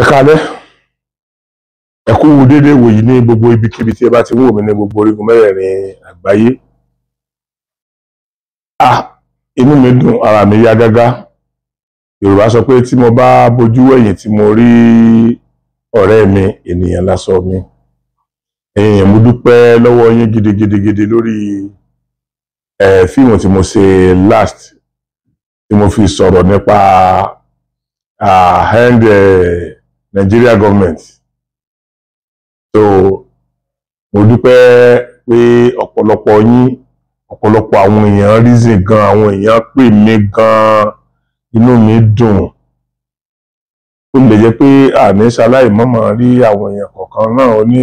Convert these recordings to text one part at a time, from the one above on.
ẹ kálẹ́ ẹ kú wo dédé wòyí ní gbogbo ibikíbi tí ẹ bá ti wò mí ní gbogbo orígun mẹ́rẹ̀ẹ̀rin àgbáyé ah inú mi dùn ara mi yá gágá yorùbá sọ pé tí mo bá bojú wẹ̀yìn tí mo rí ọ̀rẹ́ mi ènìyàn lásọ mi èèyàn mo dúpẹ́ lọ́wọ́ yín gidigidigidi lórí ẹ fíìmù tí mo ṣe last tí mo fi sọ̀rọ̀ nípa ah, and, Nigeria government so mo dúpẹ́ pé ọ̀pọ̀lọpọ̀ yín ọ̀pọ̀lọpọ̀ àwọn èèyàn reason gan àwọn èèyàn pè mí gan inú mi dùn ó lè jẹ́ pé àní ṣaláì mọ̀mọ́ rí àwọn èèyàn kọ̀ọ̀kan náà ní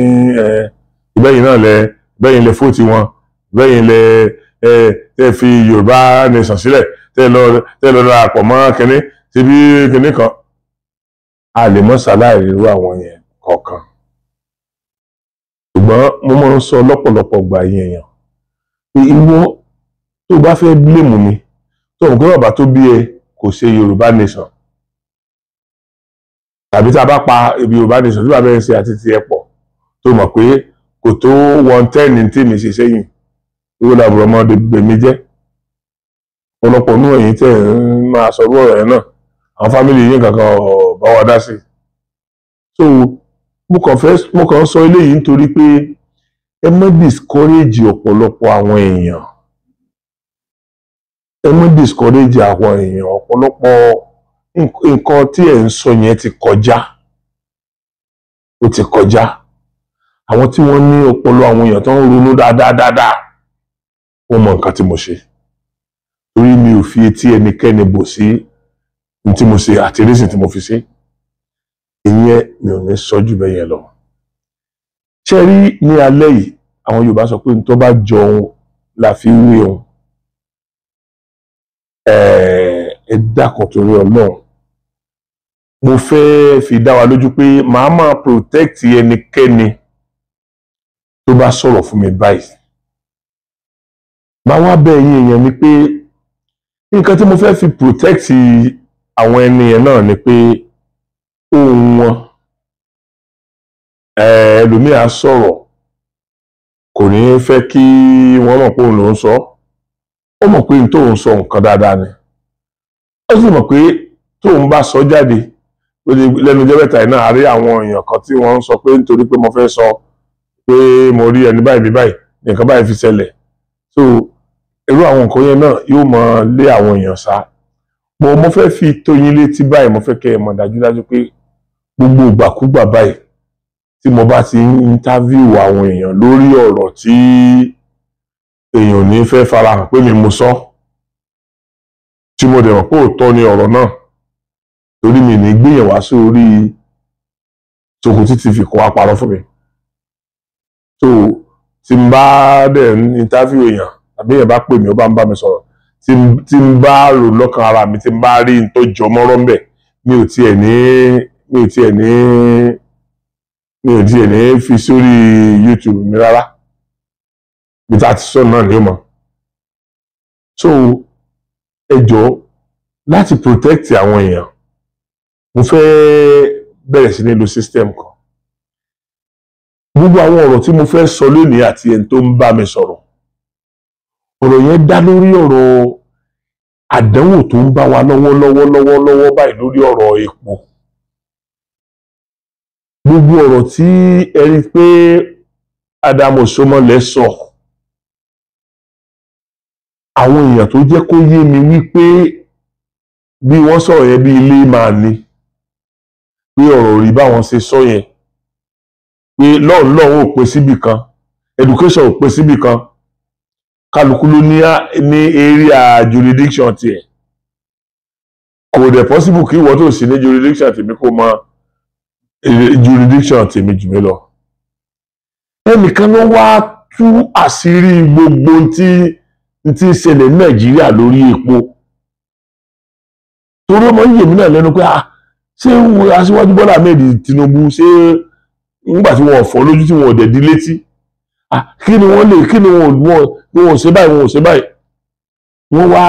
ìbẹ́yìn náà lẹ ìbẹ́yìn lẹ fóòtì wọn ìbẹ́yìn lẹ tẹ́ fi Yorùbá nation sílẹ̀ tẹ́ lọ tẹ́ lọ ra àpọ̀ mọ́ kínní síbi kínní kan a lè mọ́ ṣàláìrí irú àwọn yẹn kọ̀ọ̀kan ṣùgbọ́n mo máa ń sọ lọ́pọ̀lọpọ̀ gbà yẹn èèyàn pé ìwọ tó bá fẹ́ bílèmù mi tó ń pé bàbá tó bí ẹ kò ṣe Yorùbá nation tàbí tá a bá pa ibi Yorùbá nation tó bá bẹ́ẹ̀ ń ṣe àti ti ẹ pọ̀ tó mọ̀ pé kò tó one ten ní tí mi ṣe sẹ́yìn ìwọ làbúrò ọmọdé gbèmí jẹ́ ọ̀pọ̀lọpọ̀ nú ẹ̀yìn tẹ̀ ń máa sọ ọ̀rọ̀ ẹ̀ náà àwọn fámìlì yín kankan ọ̀ọ́ bá wa dá sí. so mo kàn fẹ́ mo kàn sọ eléyìí nítorí pé ẹ má discourage ọ̀pọ̀lọpọ̀ àwọn èèyàn ẹ má discourage àwọn èèyàn ọ̀pọ̀lọpọ̀ nǹkan tí ẹ̀ ń sọ yẹn ti kọjá ó ti kọjá àwọn tí wọ́n ní ọpọlọ àwọn èèyàn tó ń ronú dáadáa dáadáa wọ́n mọ nǹkan tí mo ṣe torí mi ò fi etí ẹnikẹ́ni bò sí ní tí mo ṣe àti erésìn tí mo fi ṣe ìyẹn mi ò ní sọ jù bẹ́yẹn lọ. ṣé rí ní alẹ́ yìí àwọn Yorùbá sọ pé ní tó bá jọ òun la fi wé òun ẹ dákun torí Ọlọ́run mo fẹ́ fi dá wa lójú pé màá máa protect ẹnikẹ́ni tó bá sọ̀rọ̀ fún mi báyìí bá wá bẹ́ẹ̀ yín èèyàn ni pé nǹkan tí mo fẹ́ fi protect àwọn ẹni yẹn náà ni pé. ohùn wọn ẹlòmíà sọrọ kò ní fẹ kí wọn mọ pé òun ló ń sọ ó mọ pé tóun sọ nǹkan dáadáa ni ó sì mọ̀ pé tóun bá sọ jáde lẹ́nu ọjọ́ mẹ́ta yìí náà àwọn èèyàn kan tí wọn ń sọ pé nítorí pé mo fẹ sọ pé mo rí ẹni báyìí bí báyìí nǹkan báyìí fi ṣẹlẹ̀ so irú àwọn nǹkan yẹn náà yóò mọ lé àwọn èèyàn sá mo mo fẹ fi tóyin létí báyìí mo fẹ kẹ ẹ mọ dájúdájú pé gbogbo ìgbàkúgbà báyìí tí mo bá ti ń interview àwọn èèyàn lórí ọ̀rọ̀ tí èèyàn ní fẹ́ farahàn pé mi mo sọ tí mo dẹ̀ mọ̀ pé òótọ́ ni ọ̀rọ̀ náà torí mi ní gbìyànjú wá sí orí Sokoti TV kó wá fún mi so tí n bá dẹ̀ ń interview èèyàn àbí èèyàn bá pè mí ó bá ń bá mi sọ̀rọ̀ tí n bá rò lọ́kàn ara mi tí n bá rí n tó jọ mọ́rọ́ ń bẹ̀ mi ò tiẹ̀ ní mi ò tiẹ̀ ní mi ò tiẹ̀ ní fi sórí YouTube mi rárá bí tá a ti sọ náà ni ó mọ̀ so ẹ jọ̀ọ́ láti protect àwọn èèyàn mo fẹ́ bẹ̀rẹ̀ sí ní lo system kan gbogbo àwọn ọ̀rọ̀ tí mo fẹ́ sọ lónìí àti ẹni tó ń bá mi sọ̀rọ̀ ọ̀rọ̀ yẹn dá lórí ọ̀rọ̀ àdánwò tó ń bá wa lọ́wọ́lọ́wọ́ lọ́wọ́lọ́wọ́ báyìí lórí ọ̀rọ̀ epo gbogbo ọ̀rọ̀ tí ẹ rí pé Adamu Osomole sọ àwọn èèyàn tó jẹ́ kó yé mi wípé bí wọ́n sọ̀rọ̀ yẹn bí ilé máa ní pé ọ̀rọ̀ rí báwọn ṣe sọ yẹn pé lọ́run lọ́run ò pé síbì kan education ò pé síbì kan kálukú ló ní area jurisdiction tiẹ̀ kò dẹ̀ possible kí ìwọ tó sì ní jurisdiction tèmi kó máa jurisdiction tèmi jù mí lọ ẹnìkan ló wá tú àṣírí gbogbo tí ti, ń ṣẹlẹ̀ ní nàìjíríà lórí epo torí ọmọ yìí náà lẹ́nu pé ah ṣé aṣíwájú bọ́lá ahmed tinubu ṣé nígbà tí wọn ò fọ́ lójú tí wọn ò dẹ̀dí létí ah kí ni wọ́n lè kí ni wọn wọn ò ṣe báyìí wọn ò ṣe báyìí wọ́n wá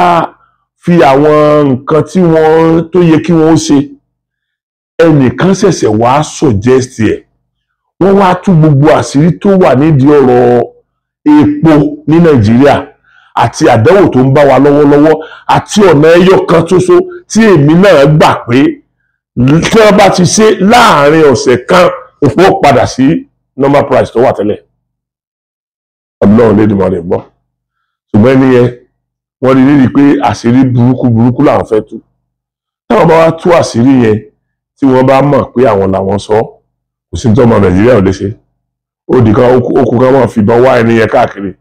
fi àwọn nǹkan tí wọ́n tó yẹ kí wọ́n ó ṣe ẹnìkan ṣẹ̀ṣẹ̀ wàá suggest ẹ̀ wọ́n wá tú gbogbo àṣírí tó wà nídìí ọ̀rọ̀ epo ní nàìjíríà àti àdánwò tó ń bá wa lọ́wọ́lọ́wọ́ àti ọ̀nà ẹyọ kan ṣoṣo tí èmi náà gbà pé tí wọ́n bá ti ṣe láàrin ọ̀sẹ̀ kan òfò padà sí normal price tó wà tẹ́lẹ̀ ọlọ́run lédè mọ́ rẹ̀ gbọ́ ṣùgbọ́n ẹni yẹn wọ́n rí rí i pé àṣírí burúkú burúkú làwọn fẹ́ tú táwọn bá wá tú àṣírí yẹn tí wọ́n bá mọ̀ pé àwọn làwọn sọ kò sí tọ́mọ nàìjíríà ò lè ṣe ó di kan okùn kan máa fìbọn wá ẹni yẹn káàkiri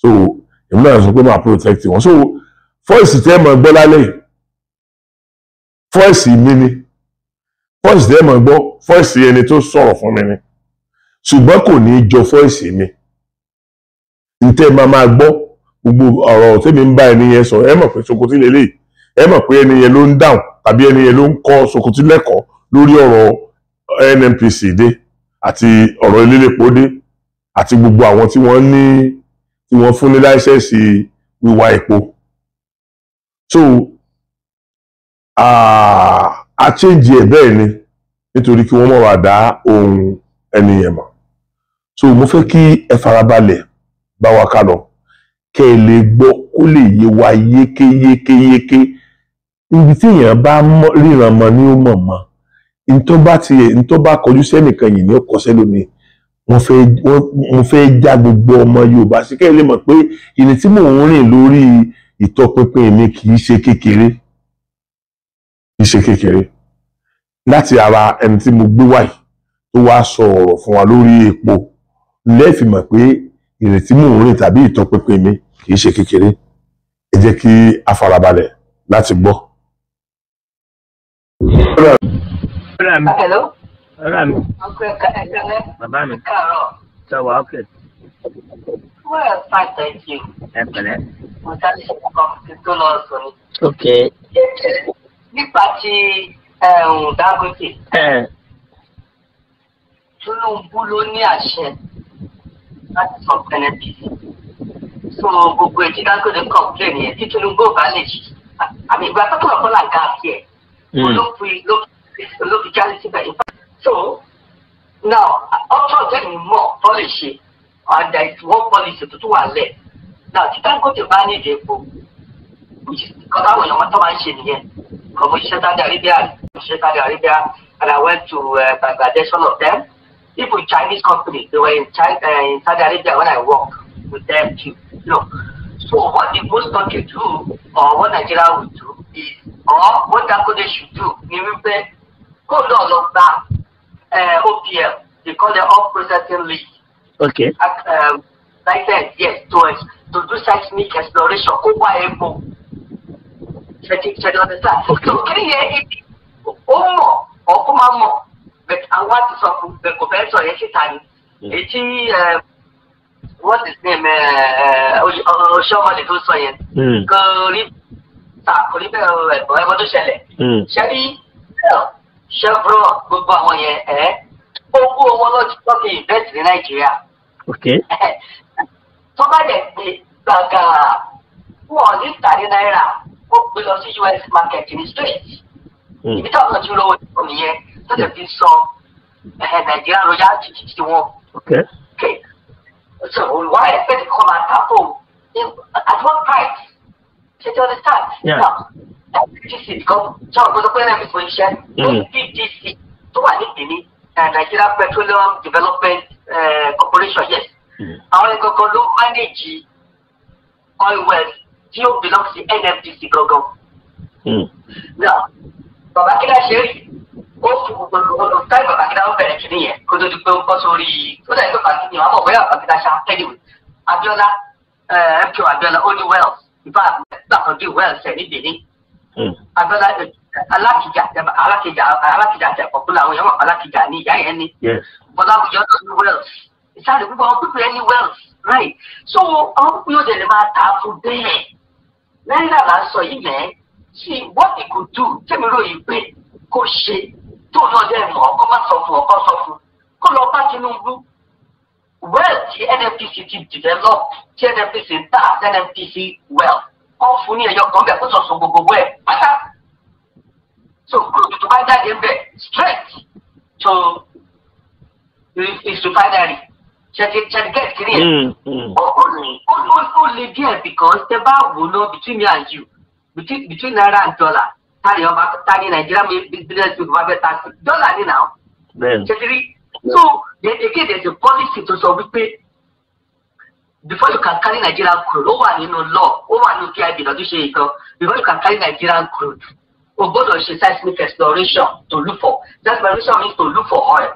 so èmi náà sọ pé máa protect wọn so fọ́ọ̀sì tẹ́ mọ̀ gbọ́ lálẹ́ yìí fọ́ọ̀sì mi ni fọ́ọ̀sì tẹ́ mọ̀ gbọ́ fọ́ọ̀sì ẹni tó sọ̀rọ̀ fún mi ni ṣùgbọ́n kò ní í jọ fọ́ọ̀sì mi ntẹ́ máa máa gbọ́ gbogbo ọ̀rọ̀ tẹ́mi ń bá ẹni yẹn sọ ẹ mọ̀ pé Sokoti lélẹ́yìí ẹ mọ̀ pé ẹni yẹn ló ń dáhùn tàbí ẹni yẹn ló ń kọ́ Sokoti lẹ́kọ̀ọ́ lórí ọ̀rọ̀ NNPC dé àti ọ̀rọ̀ elélépo dé àti gbogbo àwọn tí wọ́n ní tí wọ́n fún ní láìsẹ̀sì wíwá epo so a change ẹ̀ bẹ́ẹ̀ ni nítorí kí wọ́n mọ̀ wá dá ohun ẹni yẹn mọ̀ so mo fẹ́ kí ẹ farabalẹ̀ bá wa ká lọ kẹ́ ẹ lè gbọ́ kó lè yé wa yékéyékéyéké. Yéké, yéké, yéké ibi tí èèyàn bá ríran mọ ni ó mọ̀ mọ́ ní tó bá kọjú sẹ́nìkan yìí ni ó kọ sẹ́lómi wọ́n fẹ́ wọ́n fẹ́ já gbogbo ọmọ Yorùbá sí kẹ́lẹ́ mọ̀ pé ìní tí mò ń rìn lórí ìtọpinpin mi kì í ṣe kékeré kì í ṣe kékeré láti ara ẹni tí mo gbé wáyìí tó wá sọ ọ̀rọ̀ fún wa lórí epo lẹ́ẹ̀fì mọ̀ pé ìrìn tí mò ń rìn tàbí ìtọpinpin mi kì í ṣe kékeré ẹ jẹ́ kí a farabalẹ̀ láti gbọ́ ọ̀rẹ́ mi. ọ̀rẹ́ mi. bàbá mi. sọ wà ókè. well fine thank you. ẹ pẹ̀lẹ́. mo sáré ṣe kàn kí n tó lọ sùn ni. ok. nípa ti Dangote. Tinubu ló ní àṣẹ láti sọ pẹlẹbìsì so gbogbo ètí Dangote complain yẹn tí Tinubu ò bá lè ṣe àmì ìgbà tó kọ̀ ọ̀kọ́ là ń ká sí ẹ̀. Mm. We look, we look, look reality by impact. So now, after getting more policy, and there is one policy to do and left. Now, you can't go to manage it, which is because I was a mathematician here, from Saudi Arabia, Saudi Arabia, and I went to uh, Bangladesh, all of them. Even Chinese company. they were in, China, uh, in Saudi Arabia when I worked with them too. Look. So what the most country do, or what Nigeria would do, is ṣùgbọ́n ó dákúndé ṣùdù ní wípé kó náà lọ gba OPL they call the off processing leave. okay. Uh, license yes to to do seismic exploration kó wá epo ṣètì ṣètì ọ̀dẹ̀ sáà. so kí ni yẹn ibi ó mọ̀ ọkọ máa mọ̀ but àwọn àti sọ fún bẹ́ẹ̀ kò fẹ́ sọ yẹn síta ni èyí tí what's his name ọ̀ṣọ́mọdé tó sọ yẹn. kò rí àkórí bẹ́ẹ̀ ẹ̀kọ́ ẹ̀kọ́ tó ṣẹlẹ̀. ṣẹ́bí chevron gbogbo àwọn yẹn ẹ̀ owó wọn lọ́ọ́ ti tọ́kì ìbẹ́ẹ̀tì ní nàìjíríà. tó bá dẹ̀ pé gbàgà wọn ní tàdé náírà ó gbé lọ sí us market ní straight. ibi táwọn náà ti lówó ìtọ́ nìyẹn tó lè fi sọ nàìjíríà royal títí tí wọn. so why expect come and tapo at price. Do you understand? Yeah. Now, FDC gan tí wọn gbọ́dọ̀ pé náà fífò iṣẹ́ FDC tó wà ní tèmi Nigeria Petroleum Development uh, Corporation yes àwọn ìgangan ló manage oil well tí ó belong sí NFDC gangan. now bàbá kí láṣẹ rí ó fi gbogbo ọdún táì bàbá kí láwọn bẹ̀rẹ̀ kìíní yẹn kó tó di pé ó kọ́ sórí ó dàbí pé bàbá kí ni wọ́n á mọ̀ bóyá bàbá kí láṣẹ àtẹ́lẹ̀ Abiola MK eh, Abiola ó wells ìfà gbàkan bí ìwé ẹsẹ ní Benin abẹ́lá alákìjà alákìjà alákìjà àti ẹ̀kọ́kọ́ làwọn èèyàn wà alákìjà ní ìyá yẹn ni bọ́lá àwùjọ náà ní Wales ìsàlẹ̀ gbogbo àwọn pípẹ́ ní Wales right so àwọn pípẹ́ yóò dẹ̀ lè máa tà á fún bẹ́ẹ̀ náírà là ń sọ yìí mẹ́ẹ́ sí what he could do tẹ́mi ròyìn pé kó ṣe tó lọ́ọ́ dẹ́ mọ́ ọkọ́ má sọ fún ọkọ́ sọ fún kó lọ bá Tinubu wealth tí nnpc ti develop tí nnpc ń tà sí nnpc wealth kọ́ fún ní ẹ̀yọ kan bẹ́ẹ̀ kó sọ̀sọ̀ gbogbo ẹ̀ pátá so group tó bá jáde ń bẹ̀ straight to is refinery ṣẹ̀dígẹ́tì kiri ẹ̀ hmm, hmm. ó le díẹ̀ because tẹ bá wò lọ between me and you between between naira and dollar tani ọba tani nàìjíríà mi business people bá fẹ́ ta sí dọ́là ni now ṣẹ̀dírí so then again there is a policy to sọ wípé before you can carry Nigerian crude ó wà nínú law ó wà nínú pib lọ́dún ṣe ìtàn before you can carry Nigerian crude o gbọ́dọ̀ ṣe seismic exploration to look for exploration means to look for oil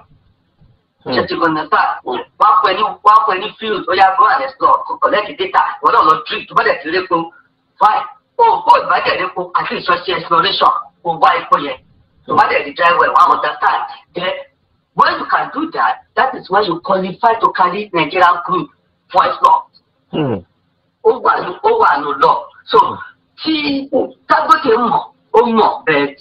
ṣètìkọ̀nẹ́fà wà á pọ̀ ní wà á pọ̀ ní field ó yà go and explore to collect data wọ́n náà lọ drip tó bá dẹ̀ ti rí epo fine o gbọ́ ìbàdàn epo àti ìṣọ́ṣe exploration kò wá epo yẹn hmm. tó bá dẹ̀ di dry well wà á understand When you can do that, that is when you qualify to carry Nigerian group for export. Hmm. Ó wà ní ó wà ní lọ. So tí Dangote mọ̀ ó mọ̀ bẹ́ẹ̀ eh,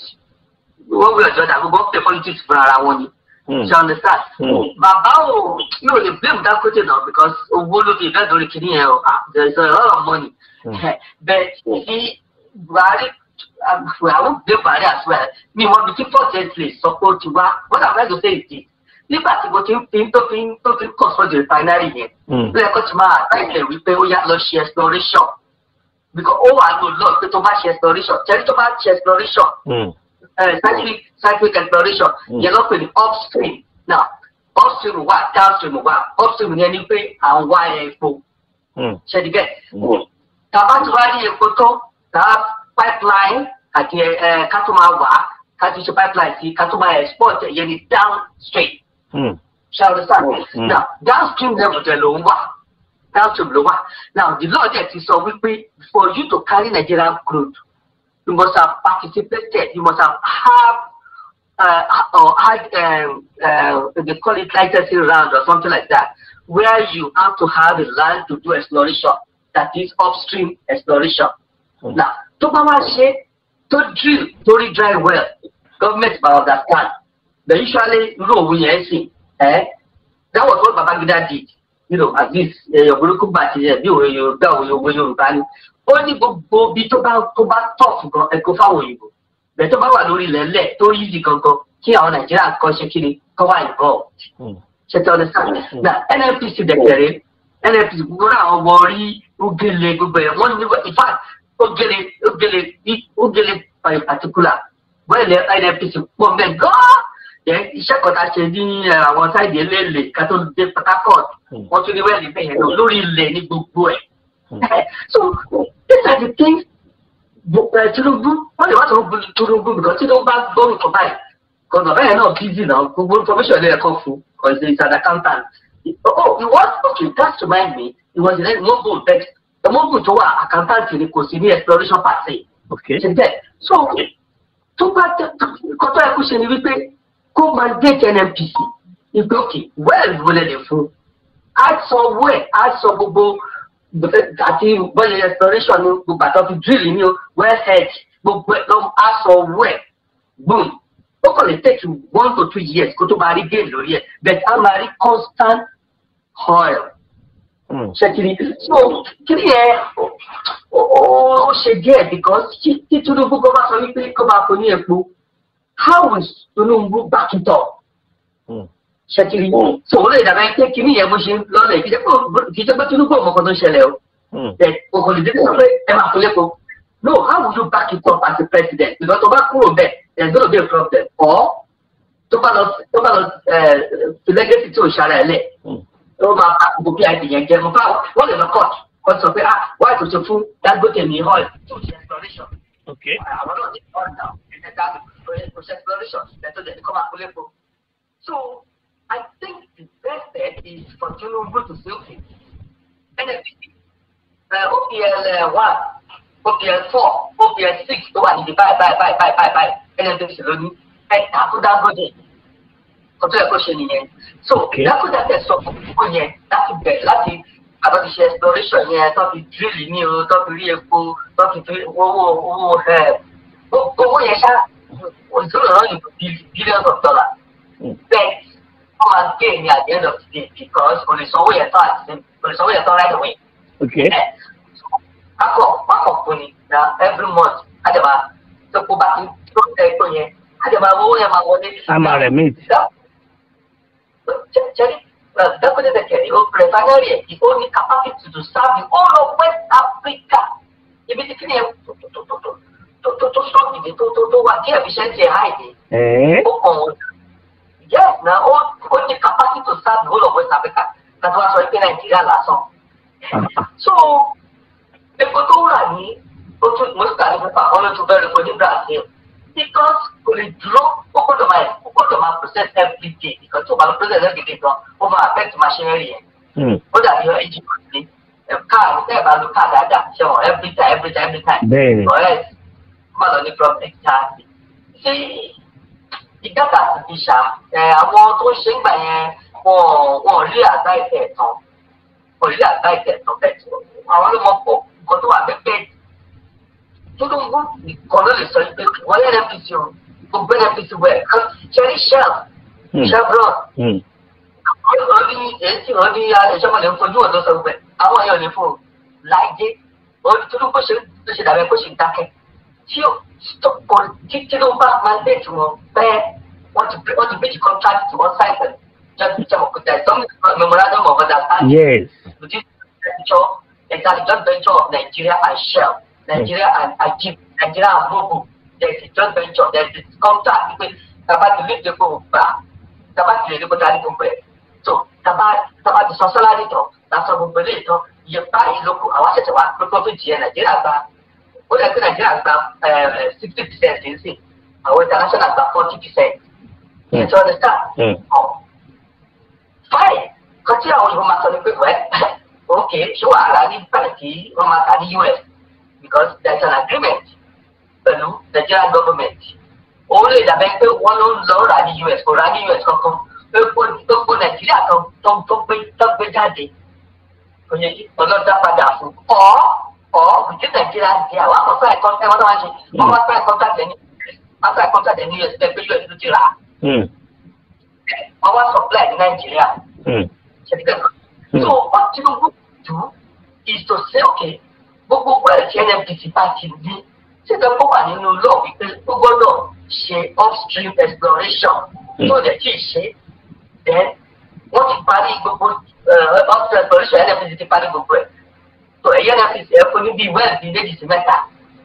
wọ́n wúlò ìjọba gbogbo ọ̀pẹ̀ politics fún ara wọn ni. Hmm. Ṣé ọ̀nà understand? Hmm. Bàbá ò yóò lè blame that Dangote now because we will be bẹ́ẹ̀ lórí kìnìyàn ọ̀ ah, there is a lot of money. but tí Buhari I won't blame Buhari as well mi mọ ibi tí president lè sọ what am I to say it is nígbà tí mo ti ń fi tó fi ń tó fi ń kàn sọ́ọ̀dì refinery yẹn hmm. ó yẹ máa àtàkùn wípé ó yá lọ ṣe exploration because ó wà ló lọ pé tó bá ṣe exploration tẹ́lẹ̀ tó bá ṣe exploration hmm. eh, scientific cyclic exploration hmm. yẹn lọ́pẹ̀ ní upstream now upstream wà downstream wà upstream yẹn ni pé à ń wá epo ṣẹ́dígẹ́ tàbá ti wá ní epo tó tàbá. pipeline Katumawa, eh, Katucha pipeline, see, Katuma export, you need downstream. Mm. Shall understand? Mm. Hmm. Now, downstream level, the Lomba. Downstream Lomba. Now, the logic is so we for you to carry Nigerian crude, you must have participated, you must have have uh, or had um, uh, they call it licensing round or something like that, where you have to have a land to do exploration, that is upstream exploration. Mm. Now, tó bá wá ṣe tó drill torí dry well government by understand but usually irú òun yẹn sì ẹ that was what Baba Gida did you know at least èèyàn burúkú bá ti you bí you Yorùbá you òwe you ni Only go, go, be to bá to bá tough gan ẹ̀kọ́ fáwọn òyìnbó bẹ́ẹ̀ tó bá wà lórí ilẹ̀ tó easy go go. àwọn Nàìjíríà kọ́ ṣe kí ni kọ́ wà involved hmm. ṣe ti understand na hmm. NNPC dẹ̀kẹ̀rẹ̀ NNPC gbogbo náà àwọn ọmọ orí ugele gbogbo ẹ̀ wọ́n ní in fact ó gèlè ó gèlè bí ó gèlè pàtíkùlà bóyá ilẹ̀ NNPC pọ̀ mẹ́ gan-an iṣẹ́ kan tá a ṣe ní àwọn sáìdì eléèlè ká tó dé Port hmm. wọ́n tún ní wẹ́ẹ̀lì bẹ́ẹ̀ náà lórí ilẹ̀ ní gbogbo ẹ̀ hmm. so these are the things Tinubu wọ́n lè wá sọ fún Tinubu because Tinubu bá gbóhùn kan báyìí kan bàbá yẹn náà busy náà gbogbo information lè kọ́ fún ọ̀sẹ̀ ìsàdà accountant oh he was okay that remind me he was in one go best mọ́gùn tó wà àkántáǹtì ni kò sí ní exploration party. ṣe so tó bá tẹ kọ́tọ́ ẹ̀kú ṣe ni wípé kó mandate NNPC ìgbé òkè wẹ́ẹ̀lì wọlé lè fún á sọ wẹ́ẹ̀ á sọ gbogbo àti bọ́ọ̀lì exploration ni gbogbo àtọ́ fi drill ni well head gbogbo ẹ̀ lọ́mú á sọ wẹ́ẹ̀ boom ó kàn lè take one to two years kó tó máa rí gain lórí ẹ̀ but á máa rí constant oil. Mm. ṣẹ́kiri so kiri yẹn ó ṣe díẹ̀ because tí Tinubu kọ́ bá sọ wípé kọ́ bá kọ́ ní epo how is Tinubu back it up mm. ṣẹ́kiri so ó lè dàbẹ́ pé kiri yẹn bó ṣe lọ́lẹ̀ kì í ṣe pé Tinubu ọmọ kan tó ń ṣẹlẹ̀ o òkòlì mm. dídí sọ pé ẹ máa kún lẹ́kọ̀ọ́ no how would you back it up as a president because tó bá kúrò bẹ́ẹ̀ there is gonna be a problem or tó bá lọ tó bá lọ ẹ eh, legacy tí ò ṣara ẹ lẹ̀ ó máa pa gbogbo bí àgbèyàn mo bá wọ́n lè lọ court kọ́ sọ pé ah wáyé kò ṣe fún Dangote ní oil tó ṣe exploration. àwọn náà ní oil náà ẹ̀ẹ́dá kò ṣe exploration lẹ́tọ́ lẹ́ni kọ́ máa kú lẹ́kọ̀ọ́. So I think the best bet is for Tinubu to silk it NNPC uh, OPL uh, one OPL four OPL six tó wà níbi báyìí báyìí báyìí báyìí báyìí NNPC ẹ̀ka tó Dangote nǹkan tó yẹ kó ṣe nìyẹn so ìdákùdá tẹ̀ sọ fún gbogbo yẹn láti bẹ̀ láti àtọ́fi ṣe exploration yẹn tó fi drill ní o tó fi rí epo tó fi fi owó owó owó yẹn ṣá òṣèlú náà ní billions of dollars bẹ́ẹ̀ wọ́n máa gé ní at the end of the day because olùsanwó yẹn tán àti olùsanwó yẹn tán right away. okay. akọ akọ fún ni na every month àjẹmà tó kó bá ti tó tẹ ètò yẹn àjẹmà owó yẹn máa wọlé. a máa rẹ̀ mí. Jerry, uh, Dakota Dekere, ó refinery ẹ̀ ó ní capacity to serve the whole of West Africa. Ibi tí kíni ẹ tó tó tó tó tó tó strong ìdí tó tó tó wà kí efficiency high dé. Ó kàn wọ́n. Yes na ó ó ní capacity to serve the whole of West Africa. Kàtó wá sọ pé Nàìjíríà lásán. So epo tó wà ní ó tún mọ́sítà nípa ọlọ́tún bẹ́ẹ̀ lóko ní Brazil because kò lè dúró ó gbọ́dọ̀ máa ó gbọ́dọ̀ máa process every day because tó bá lọ process every day gan ó affect machinery yẹn. Hmm. ó dàbí ọ ẹjì kan ní káàdì tẹ́ ẹ̀ bá lo káàdì ajá ṣẹ̀wọ̀n every time every time every time. bẹ́ẹ̀ni ọ̀rẹ́ má lọ ní problem ṣáàbì. ṣé ìgbàgbà ti fi ṣà àwọn tó ń ṣe ń gbà yẹn wọn wọn ò rí àgbá ìtẹ̀ tán ò rí àgbá ìtẹ̀ tán bẹ́ẹ̀ tó àwọn Tinubu kan ló lè sọ pé wọ́n yẹ NPC o gbogbo NPC wẹ̀ kan ṣẹ́rí shell hmm. chevron hmm. wọ́n ní èyí wọ́n ní ẹ̀ṣọ́mọ̀lẹ́ ń fojú ọ̀dọ́ sọ gbẹ àwọn èèyàn ní fún o láìdé wọ́n ní Tinubu ṣe ló ṣe dàbẹ́ kó ṣe dákẹ́ tí ó kọ tí Tinubu bá mandate wọn pẹ́ wọ́n ti bíjì contract wọ́n sign pẹ̀lú just picture of the memorandum of understanding yes between the executive venture of Nigeria and Shell. Nigeria has achieved, Nigeria bobo, moved. There's a joint venture, there's a contract pé bàbá ti lè dé kó gbà bàbá ti lè dé kó darí gbogbo ẹ̀. So bàbá bàbá ti sọ sọ́láàdì tán lásán gbogbo ilé ìtàn iye báyìí lóko àwọn ṣẹ̀ṣẹ̀ wà pé profit yẹn Nigeria gba ó dẹ̀ pé Nigeria gba eh, sixty percent ní sìn àwọn international gba forty percent. You understand? Hmm. Hmm. Oh. Fine kan tí àwọn ìbọn máa sọ ni pé wẹ́ẹ́ ok ṣé wàhálà ní báyìí wọ́n máa ta ní US because there's an agreement pẹ̀lú Nigerian government òun lè dàbẹ́ pé wọ́n ló ń lọ rà ní US kò rà ní US kankan epo gbogbo Nàìjíríà kan tó gbé tó gbé jáde òye ọlọ́dà padà fún ọ ọ òjì Nàìjíríà di àwọn akọ̀tà ẹ̀kọ́tà ẹ̀wọ́n tó wá ṣe ọwọ́ akọ̀tà ẹ̀kọ́tà tẹ̀lé akọ̀tà ẹ̀kọ́tà tẹ̀lé US pé pé US ló ti rà ọwọ́ hmm. supply ní Nàìjíríà hmm. ṣètìkẹ́ so what Tinubu do is to say okay gbogbo pẹ̀lú tí nnpc bá ti ní síbẹ̀ kó wà nínú lọ́ọ̀ wípé ó gbọ́dọ̀ ṣe upstream exploration tó hmm. lè tí ì ṣe then wọ́n ti parí gbogbo eh, upstream exploration nnpc ti parí gbogbo ẹ̀ tó ẹ̀yẹ́ nnpc ẹ̀ fún níbi well bíi méjì sí mẹ́ta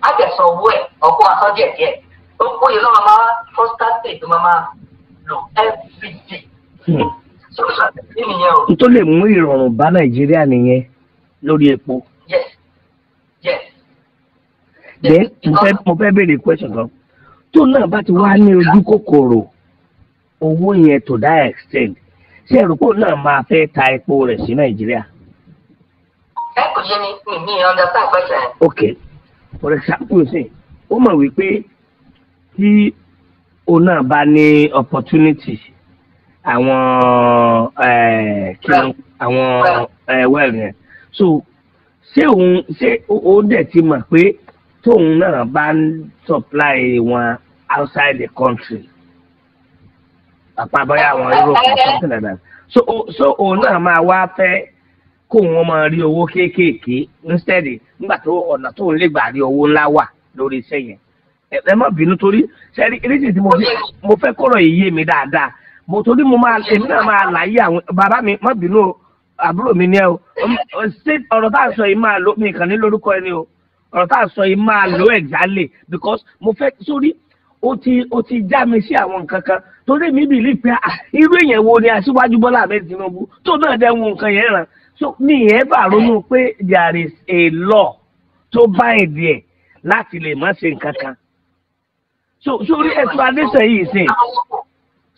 àjẹsọ owó ẹ̀ ọ̀gbọ́n asọ́jẹ̀ díẹ̀ ó kó yẹ lọ́wọ́ máa foster state ló máa lò every day sọ́kùsọ̀ àti nìyẹn tó lè mú ìrọ̀rùn bá nàìjíríà nìyẹn lórí epo. Then, mo fẹ́ mo fẹ́ béèrè question kan tó náà bá ti wá ní ojú kòkòrò owó yẹn to that extent ṣé ẹ̀rọ̀pọ̀ náà máa fẹ́ ta epo rẹ̀ sí nàìjíríà. ẹ kò yé mi mi mi understand question. ok for example ṣe ó mọ̀ wípé tí o náà bá ní opportunity àwọn kí àwọn well yẹn so ṣé òun ṣé ó dẹ̀ ti mọ̀ pé. tóun náà bá ń supply wọn outside the country àpàbọ̀yà àwọn Europe or something like that so so òun náà máa wá fẹ́ kó wọn máa rí owó kéékèèké instead nígbà tó ọ̀nà tóun lè gbà rí owó ńlá wà lórí iṣẹ́ yẹn ẹ má bínú torí tí mo mo torí mo máa èmi náà máa láyé àwọn mi má bínú mi ní ẹ o ọ̀rọ̀ tá sọ yìí o ọ̀rọ̀ tá a sọ yìí máa lò exactly because mo fẹ́ sórí ó ti ó ti já mi sí àwọn nǹkan kan torí mi bìlí pé ah, irú èèyàn wo ni aṣíwájú Bọ́lá Ahmed Tinubu tó náà dẹ́ wọn nǹkan yẹn ràn so mi yẹn bá ronú pé there is a law tó bá èdè ẹ̀ láti lè má ṣe nǹkan kan so sórí explanation yìí sìn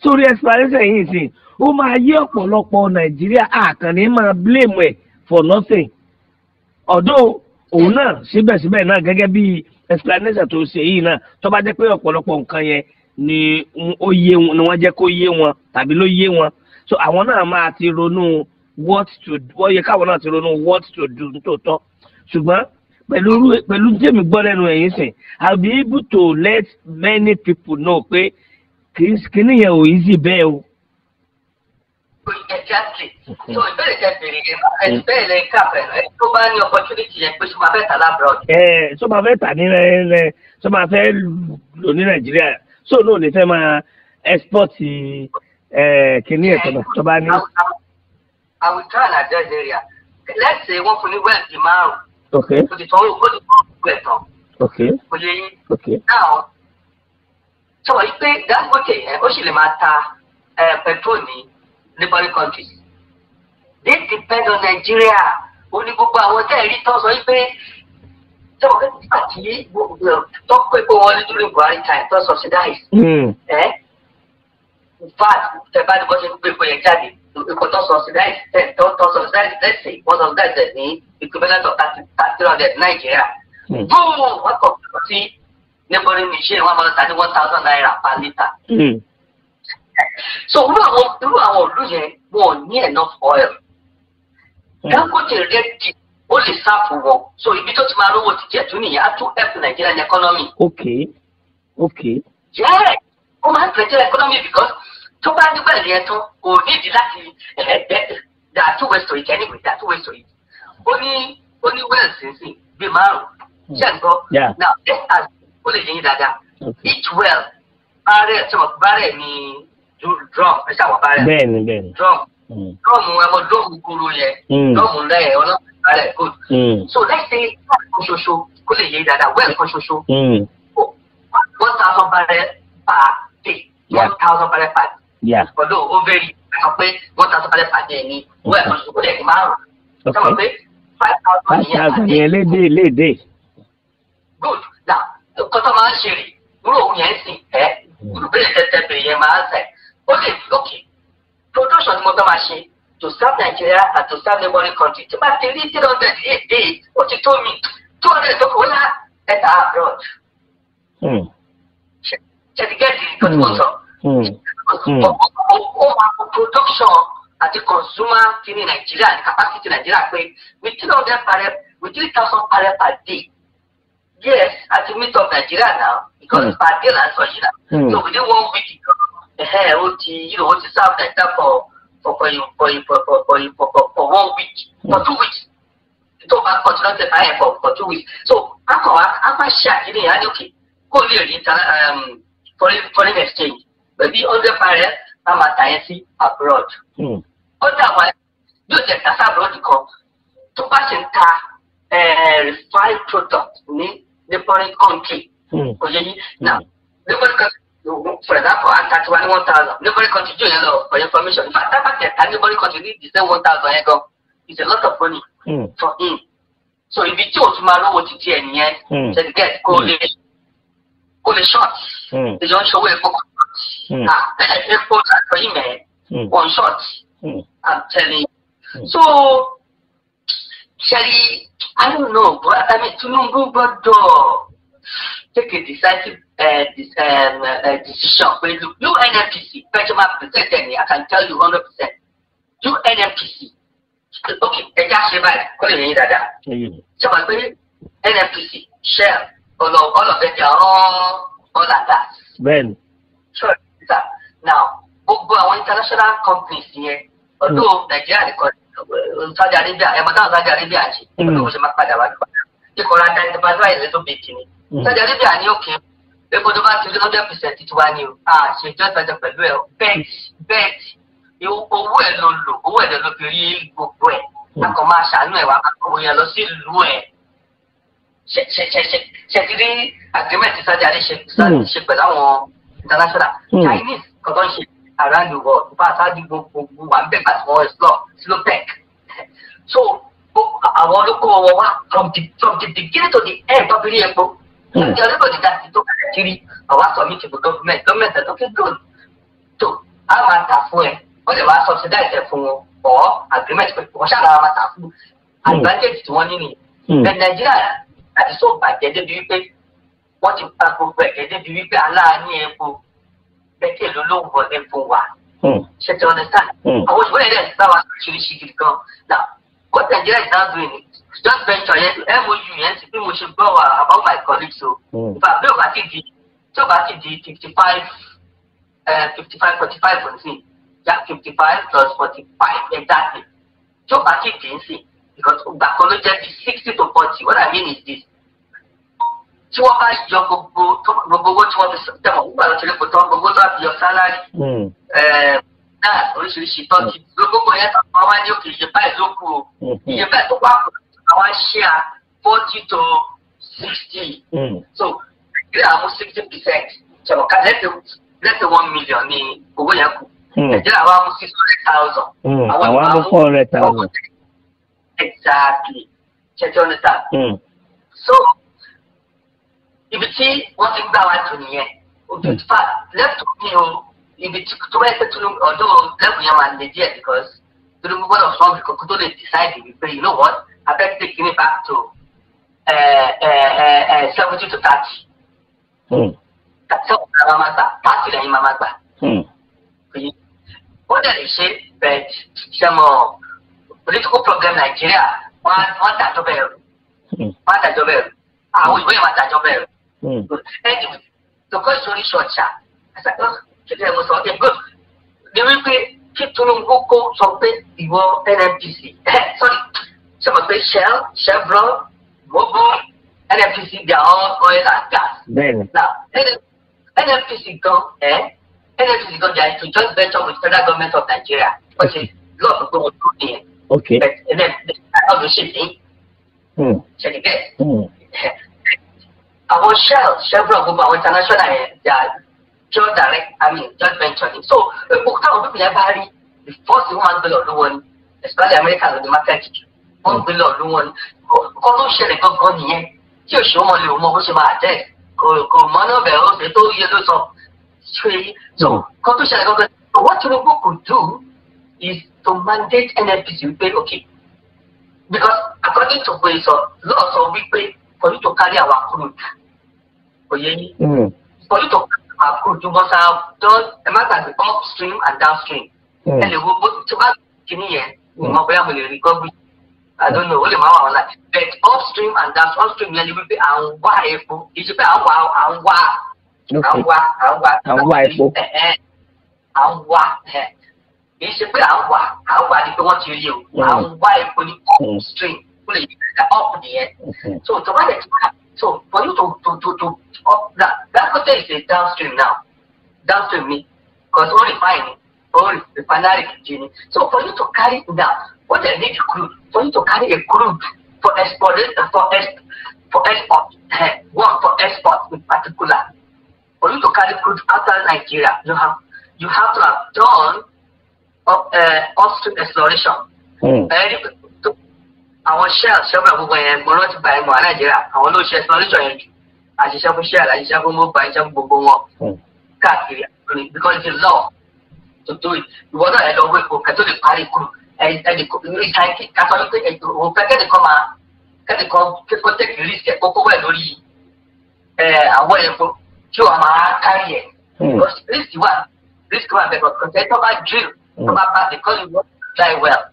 sórí explanation yìí sìn ó máa yé ọ̀pọ̀lọpọ̀ Nàìjíríà àkànní máa blame ẹ̀ for nothing although òun náà síbẹ̀síbẹ̀ náà gẹ́gẹ́ bí explanation tó ṣe yìí náà tó bá jẹ́ pé ọ̀pọ̀lọpọ̀ nǹkan yẹn ni ó yé wọn ni wọ́n jẹ́ kó yé wọn tàbí ló yé wọn so àwọn náà máa ti ronú what to do wọ́n yẹ káwọn náà ti ronú what to do nítòótọ́ ṣùgbọ́n pẹ̀lú pẹ̀lú jẹ́mi gbọ́ lẹ́nu ẹ̀yìn sìn I'll be able to let many people know pé kìnìyàn ò yí sí bẹ́ẹ̀ o exactly so ìbéèrè tẹ bèrè yẹn bẹ́ẹ̀ lẹ ká bẹ̀rẹ̀ tó bá ní opportunity yẹn pé sọ́ma fẹ́ tà lábúrò. ẹ sọ́ma fẹ́ tà ní ẹ sọ́ma fẹ́ lò so náà lè fẹ́ máa si kìíní ẹ̀ tó bá ní. I will try and address area let's say wọ́n fún ní wẹ́ẹ̀dì márùn-ún. okay. So, the tọ́ o ti tọ́ o okay. okay. now so wọ́n yí pé Dangote ẹ̀ ó sì lè neighboring countries. This depends on Nigeria. Ó ní gbogbo àwọn tẹ́ ẹ̀rí tó sọ pé tó pé pé wọ́n ní during Buhari time tó subsidize. Hmm. In fact, tẹ bá ní bọ́ ṣe ń gbé ìpòyẹ̀ jáde ìkọ̀ tó subsidize ten tó tó subsidize ten sí wọ́n subsidize ní equivalent of thirty thirty hundred Nigeria. Bóòmù wọ́n kọ̀ sí neighboring Nigeria wọ́n máa ta ní one thousand naira per litre. Hmm so who are irú àwọn ìlú yẹn wọn ò ní enough oil Dangote rẹ́ẹ̀dì ó lè sáàpù wọn so if ibi tó ti máa rówó ti jẹ̀ tún nìyẹn á tún help Nigerian economy. Okay. Okay. Yeah. ó máa ń Nigerian economy because tó bá dúpẹ́ ìyẹn tán kò nídìí láti There are two ways to it anyway There are two ways to it Only, only ó ní well sínsìn bíi márùn-ún ṣé ń now let's ask ó lè that. dáadáa each well bárẹ̀ tí wọ́n bárẹ̀ ni drum ẹ ṣàwọ̀bá rẹ̀. bẹ́ẹ̀ni bẹ́ẹ̀ni. drum drum ẹmọ drum koro ye. drum rẹ̀ ọlọ́pàá rẹ̀ good. so let's say kan ṣoṣo kó lè yé dáadáa well kan ṣoṣo. one thousand barrel per day one thousand barrel per day. although ó vary àwọn pé one thousand barrel per day ni well kan ṣoṣo kó lè ní márùn five thousand yẹn per day. lédè lédè. good now nǹkan tó máa ń ṣe rè wúrò òun yẹn sìn ẹ́ wúrò bẹ́ẹ̀ ó lè production ni mo fẹ́ máa ṣe to serve Nigeria and to serve neighboring country tí bá ti rí three hundred eight days ó ti tó mi two hundred tó kó lá ẹ̀ta abroad. Hmm. ṣètìgẹ́tì tó ti mọ̀ hmm. sọ. Hmm. ó máa kó production àti consumer ti ní Nàìjíríà ní capacity Nàìjíríà pé with three hundred parẹ́ with three thousand parẹ́ per day yes àti meet up Nigeria now because per day la sọ yìí la so within one week you ẹ̀hẹ́ ó ti yíò ó ti serve naija for for for for for for for for for for one week for two weeks tó bá continue to buy for for two weeks so akọ̀ akọ̀ ṣe àkíní yẹn á ní òkè kó lè rí foreign foreign exchange pẹ̀lú ọdẹ parẹ́ bá máa tà yẹn sí abroad ọdẹ àwọn yóò jẹ tà sí abroad kan tó bá ṣe ń ta refined product ní the foreign country kò yẹ yí now the foreign country for example act thirty one one thousand neighboring country jù yẹn for information in fact tábà kẹta neighboring country ní ìdíje one thousand yẹn gan It's a lot of money mm. for him so ibi tí o tomorrow what lówó títí ẹ nìyẹn hmm. get gẹ́t kó shots. They don't show ìjọ for ṣòwò epo kò hmm. ah, hmm. short ah for àtọ ìmẹ̀ one short i'm telling you so ṣẹ́ni i don't know but i mean Tinubu gbọ́dọ̀. take a decisive uh, this, um, uh, decision. When you, you NMPC, Benjamin I can tell you 100%. You NMPC, okay, ẹja ṣe báyìí, kọ́ lè yín dáadáa. Ṣé wàá pé NMPC, Shell, ọ̀nà ọlọ́fẹ́ ti àwọn ọ̀là gas. Bẹ́ẹ̀ni. Sure, sir. Now, gbogbo àwọn international companies yẹn, ọdún hmm. Nàìjíríà nìkan uh, Saudi Arabia, ẹ̀mọ́tàn Saudi Arabia ṣe, ọdún hmm. kò ṣe máa padà wá nípa. Ìkọ̀ra dá ẹ̀dá bá dúrà ìlẹ́tọ̀ bèèkì ni. sọ́jà mm. bíbí àní òkè epo tó bá ti rí hundred percent tiwa ni o a ṣe ìjọsọjọ pẹ̀lú ẹ bẹ́ẹ̀tì bẹ́ẹ̀tì owó ẹ̀ ló lò owó ẹ̀ ló lò fi rí gbogbo ẹ̀ mm. akọ̀ máa ṣàánú ẹ̀ wá kó yẹn lọ sí ìlú ẹ̀ ṣe rí agreement sọ́jà rí mm. ṣe pẹ̀lú àwọn international Chinese kan tó ń ṣe around the world bá a ṣáájú gbogbo wà ń bẹ̀ bá a ti wọ́n explore so àwọn olókòwò wọn from the from the beginning to the end tó fi rí epo àti ọlẹ́bọ̀ ti dá sí tó kàlẹ́ kiri ọ̀wá sọ mí ti bu gọ́ọ̀mẹ̀ntì gọ́ọ̀mẹ̀ntì tó kí gòd tó a máa tà fún ẹ agreement pẹ̀lú wọ́n ṣàlàyé advantage tí wọ́n ní nìyí bẹ́ẹ̀ nàìjíríà àti so bàjẹ́ débi wípé wọ́n ti pa gbogbo ẹ̀jẹ̀ débi wípé aláàánú epo bẹ́ẹ̀kì ló ló wọ epo wa ṣe ti understand àwọn òṣìṣẹ́ yẹn bá wa ṣe oríṣiríṣi gan now what Nigeria is Just venture yẹn mou yẹn ti bí mo ṣe gbọ́ about my colleagues o hmm. ìfà bí o bá ti di tí o bá ti di fifty five fifty five forty five point ya fifty five plus forty five exactly tí o bá ti di n because ìgbà kan ló jẹ́ bí sixty to forty what I mean is this tí wọ́n bá yọ gbogbo gbogbo owó tí wọ́n fi tẹ̀mọ̀ nígbà tó ṣe kò tán gbogbo tó àfihàn sálárì náà oríṣiríṣi tọ́jú gbogbo yẹn tó àwọn wá ní òkè iye báyìí ló kù hmm. iye Our share forty to sixty hmm. so are almost sixty percent sọ̀rọ̀ ká lẹ́sẹ̀ lẹ́sẹ̀ one million ní owó yẹn kù hmm. nàìjíríà wa mú six hundred thousand hmm. àwa mú four hundred thousand exactly ṣètò ọ̀nẹ́ta so if you see what gbà wá tó nìyẹn ojú ti fa left mi o ibi tí tó bá yẹ pé Tinubu ọdún lẹ́kùn yẹn máa lè díẹ̀ because Tinubu gbọ́dọ̀ fún ọ̀gbìn kankan tó lè decide wípé you know what abeg take me back to eh, eh, eh, seventy to thirty. sẹ́wọ̀n náà máa gbà thirty lẹ́yìn máa gbà. ó dẹ̀ lè ṣe bẹ́ẹ̀ sẹ́mọ̀ political program nàìjíríà wọ́n dájọ́ bẹ́ẹ̀ rú hmm. wọ́n dájọ́ bẹ́ẹ̀ rú àwọn ìwé ìwà dájọ́ bẹ́ẹ̀ rú. Hmm. anyway tòkọ́ ìsorí ṣọ̀ṣà àṣàkọ́ oh, ṣẹlẹ̀ mo sọ ẹ̀ gbọ́n ni wípé kí Tinubu kó sọ pé ìwọ NNPC sorry some of the Shell, Chevron, Mobil, NNPC, they are all oil and gas. Then. Now, NNPC gan, eh? NNPC gan, they are to joint venture with federal government of Nigeria. But it's lot of people do there. Okay. But and eh, then they have to ship in. Eh? Hmm. Shall you get? Hmm. Our Shell, Chevron, Mobil, our international, eh, they are joint direct, I mean, joint venture. So, gbogbo táwọn olùkọ́ yẹn bá rí, the first one gbé ọ̀dọ́ wọn ni, especially America ló ní market wọ́n gbé lọ lú wọn kó tó ṣẹlẹ̀ gangan nìyẹn tí òṣèlú ọmọ lè mọ bó ṣe máa jẹ́ kò mọ náà bẹ̀rẹ̀ ó ṣe what Tinubu could do is to mandate NNPC wípé okay because according to pé sọ lọ́ọ̀ sọ wípé for you to carry our crude kò mm. for you to carry our you must have done a upstream and downstream ẹ lè wo bó tí wọ́n á kí I don't know, Only my one wà But upstream and down upstream yẹn ni wípé à ń wá epo, kì í ṣe pé à ń wá à ń wá à ń wá à ń wá à ń wá epo. À ń wá kì í ṣe pé à ń wá à upstream ó lè yí up nìyẹn. Mm-hmm. So tó bá lè so for you to to to to up that that say is downstream now downstream me. cause only fine or the fanatic genie. So for you to carry now, what I need a crude, for you to carry a crude for export, for for export, work, for export in particular, for you to carry crude out of Nigeria, you have you have to have done oh, eh, up, uh, upstream exploration. Mm. Uh, to, àwọn shell ṣẹ́gun àgbègbè yẹn mo rántí pa ẹ̀mọ́ nàìjíríà àwọn ló ṣe exploration yẹn àṣìṣe fún shell àṣìṣe fún mobile àṣìṣe fún gbogbo wọn hmm. káàkiri because the law to do it ìwọ náà ẹ lọ wé kó kẹtó lè parí kúrò ẹni recycle kátó ní pé òun fẹ́ kẹ́ni kan máa kẹ́ni kan kó tẹ̀kì risk ẹ̀ kókó wẹ̀ lórí àwọn ẹ̀fọ́ tí wọ́n máa kárí risk wà risk wà bẹ̀rẹ̀ kọ̀tẹ́ tó bá drill tó bá bá because you wan dry well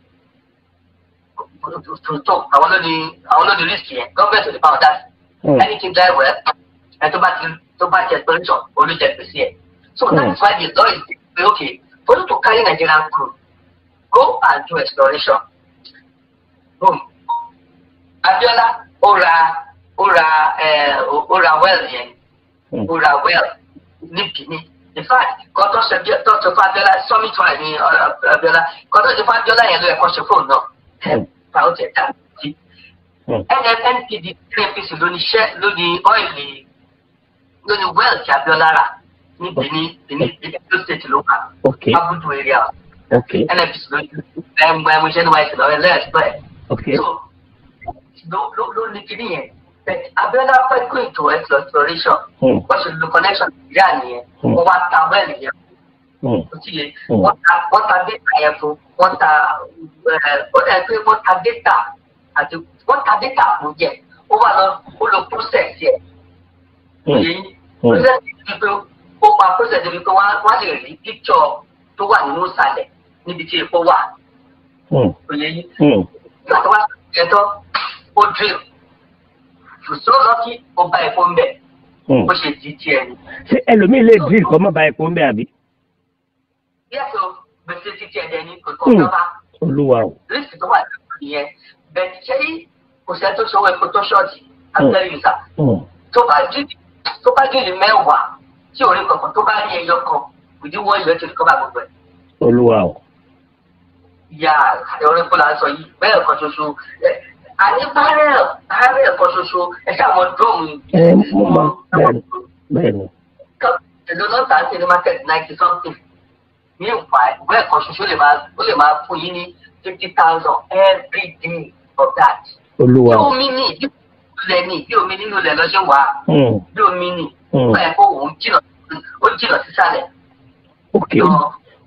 tó àwọn ló ní àwọn ló ní risk yẹn government ò ní bá wọn dá anything dry well ẹ tó bá ti tó bá ti exploration olùjẹ gbèsè ẹ̀ so hmm. that is why the law is okay. For you to carry Nigerian crude, go and do exploration. Boom. Abiola, Ora, Ora, ó ra, ó eh, well yẹn, hmm. ó ra well ní Benin. In fact, kọ́tọ́ ṣe tọ́tọ́ fún Abiola summit wà ní eh, Abiola, kọ́tọ́ ṣe fún Abiola yẹn ló ẹ̀kọ́ ṣe fóònù náà. Fàá hmm. ó tẹ̀ tà sí. Hmm. NNPD, NPC ló ní ṣẹ́ ló ní ọ́ìlì ló ní well ti Abiola rà ni Benin, Benin, Benin State local. Okay. Abudu area. Okay. NFC ló ń gbọ́ ẹmu iṣẹ́ ní wáyé ìṣẹ̀lẹ̀ ọ̀rẹ́ lẹ́ẹ̀sì bẹ́ẹ̀. Okay. So ló ló ló ní kíní yẹn. Abiola fẹ́ kó ètò exploration. Hmm. Wọ́n ṣe lo connection Nàìjíríà nìyẹn. Hmm. Wọ́n wá ta well yẹn. O hmm. ti yẹ wọ́n ta wọ́n ta data yẹn fún wọ́n ta eh, ó dà pé wọ́n ta data àti wọ́n ta data fún jẹ. Ó wà lọ ó lo process yẹn ó pa process rí pé wọ́n lè rí picture tó wà nínú ìsàlẹ̀ níbi tí epo wà. Hmm. òye yìí hmm. nígbà tó wá ṣe tán ó drill ṣùṣọ́ lọ́kì ó bá epo ń bẹ̀ hmm. ó ṣe di tiẹ̀ ni. ṣé ẹlòmíì lè drill kọ́ mọ́ bá epo ń bẹ̀ àbí. yẹ́sọ̀ gbèsè ti tiẹ̀ dẹ̀ ni kò tó ọ̀dọ́ba. olúwa o. rísì tó wà nìyẹn bẹ́ẹ̀ ṣé kò sẹ́ tó ṣọwọ́ epo tó ṣọ́ọ̀tì àbúlẹ̀ yìí sá tó bá dìlì mẹ́wàá tí ò kankan tó bá rí ẹyọ kan ìdíwọ́ ìyọ́ ti kọ́ bá gbogbo ẹ̀. olúwa o. ìyá ọ̀rẹ́ kọ́lá sọ yìí bẹ́ẹ̀ kan ṣoṣo àní bárẹ̀ kan ṣoṣo ẹ sáwọn drum. ẹ mo mọ bẹ́ẹ̀ni bẹ́ẹ̀ni. ẹ̀dọ́ náà tà sí ní ninety something ní ìpa ìwé ẹ̀kan ṣoṣo ó lè máa fún yín ní fifty thousand every day of that. olúwa o. bí omi ní ìdí omi nínú ilẹ̀ lọ́sẹ̀ wá bí omi ní ó hmm. yẹ sísàlẹ̀. ok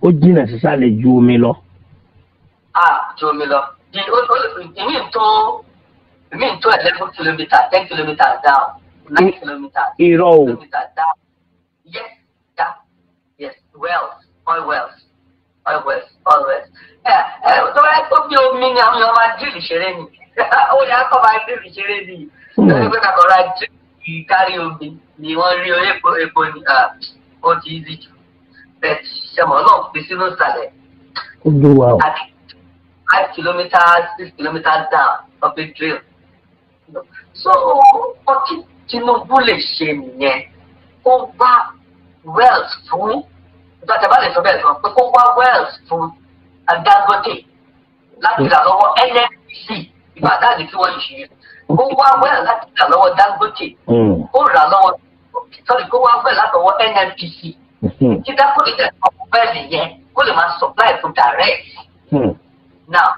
ó jìnnà sísàlẹ̀ ju omi lọ. a ju omi lọ di ó ó ìmí tó ìmí tó eleven kilometre ten kilometre down nine kilometre ten kilometre down yes down yes wells oil wells oil wells oil wells ẹ ẹ tó bá yẹ kó bí omi ni àwọn ọmọ adìrì ṣeré ni ó yẹ kó máa adìrì ṣeré ni ó yẹ kó máa adìrì ìkárí omi ni wọ́n rí orí epo epo ni ó ti yí jù bẹ́ẹ̀ ṣẹmọ̀ náà fi sínú ìsàlẹ̀ àti five kilometers six kilometers down of a drill so ọtí Tinubu lè ṣe nìyẹn kó wá wells fún ìgbàjọba lè sọ bẹ́ẹ̀ sọ pé kó wá wells fún Dangote láti rà lọ́wọ́ NNPC Ìbàdàn ni kí wọ́n ṣe é ó wá wẹ̀ láti rà lọ́wọ́ Dangote hmm. ó rà lọ́wọ́ sọ́ni kó wá wẹ̀ látọwọ́ NNPC hmm. tí Dangote tẹ̀ ọkọ̀ bẹ́ẹ̀lì yẹn kó lè máa supply fún direct. Hmm. now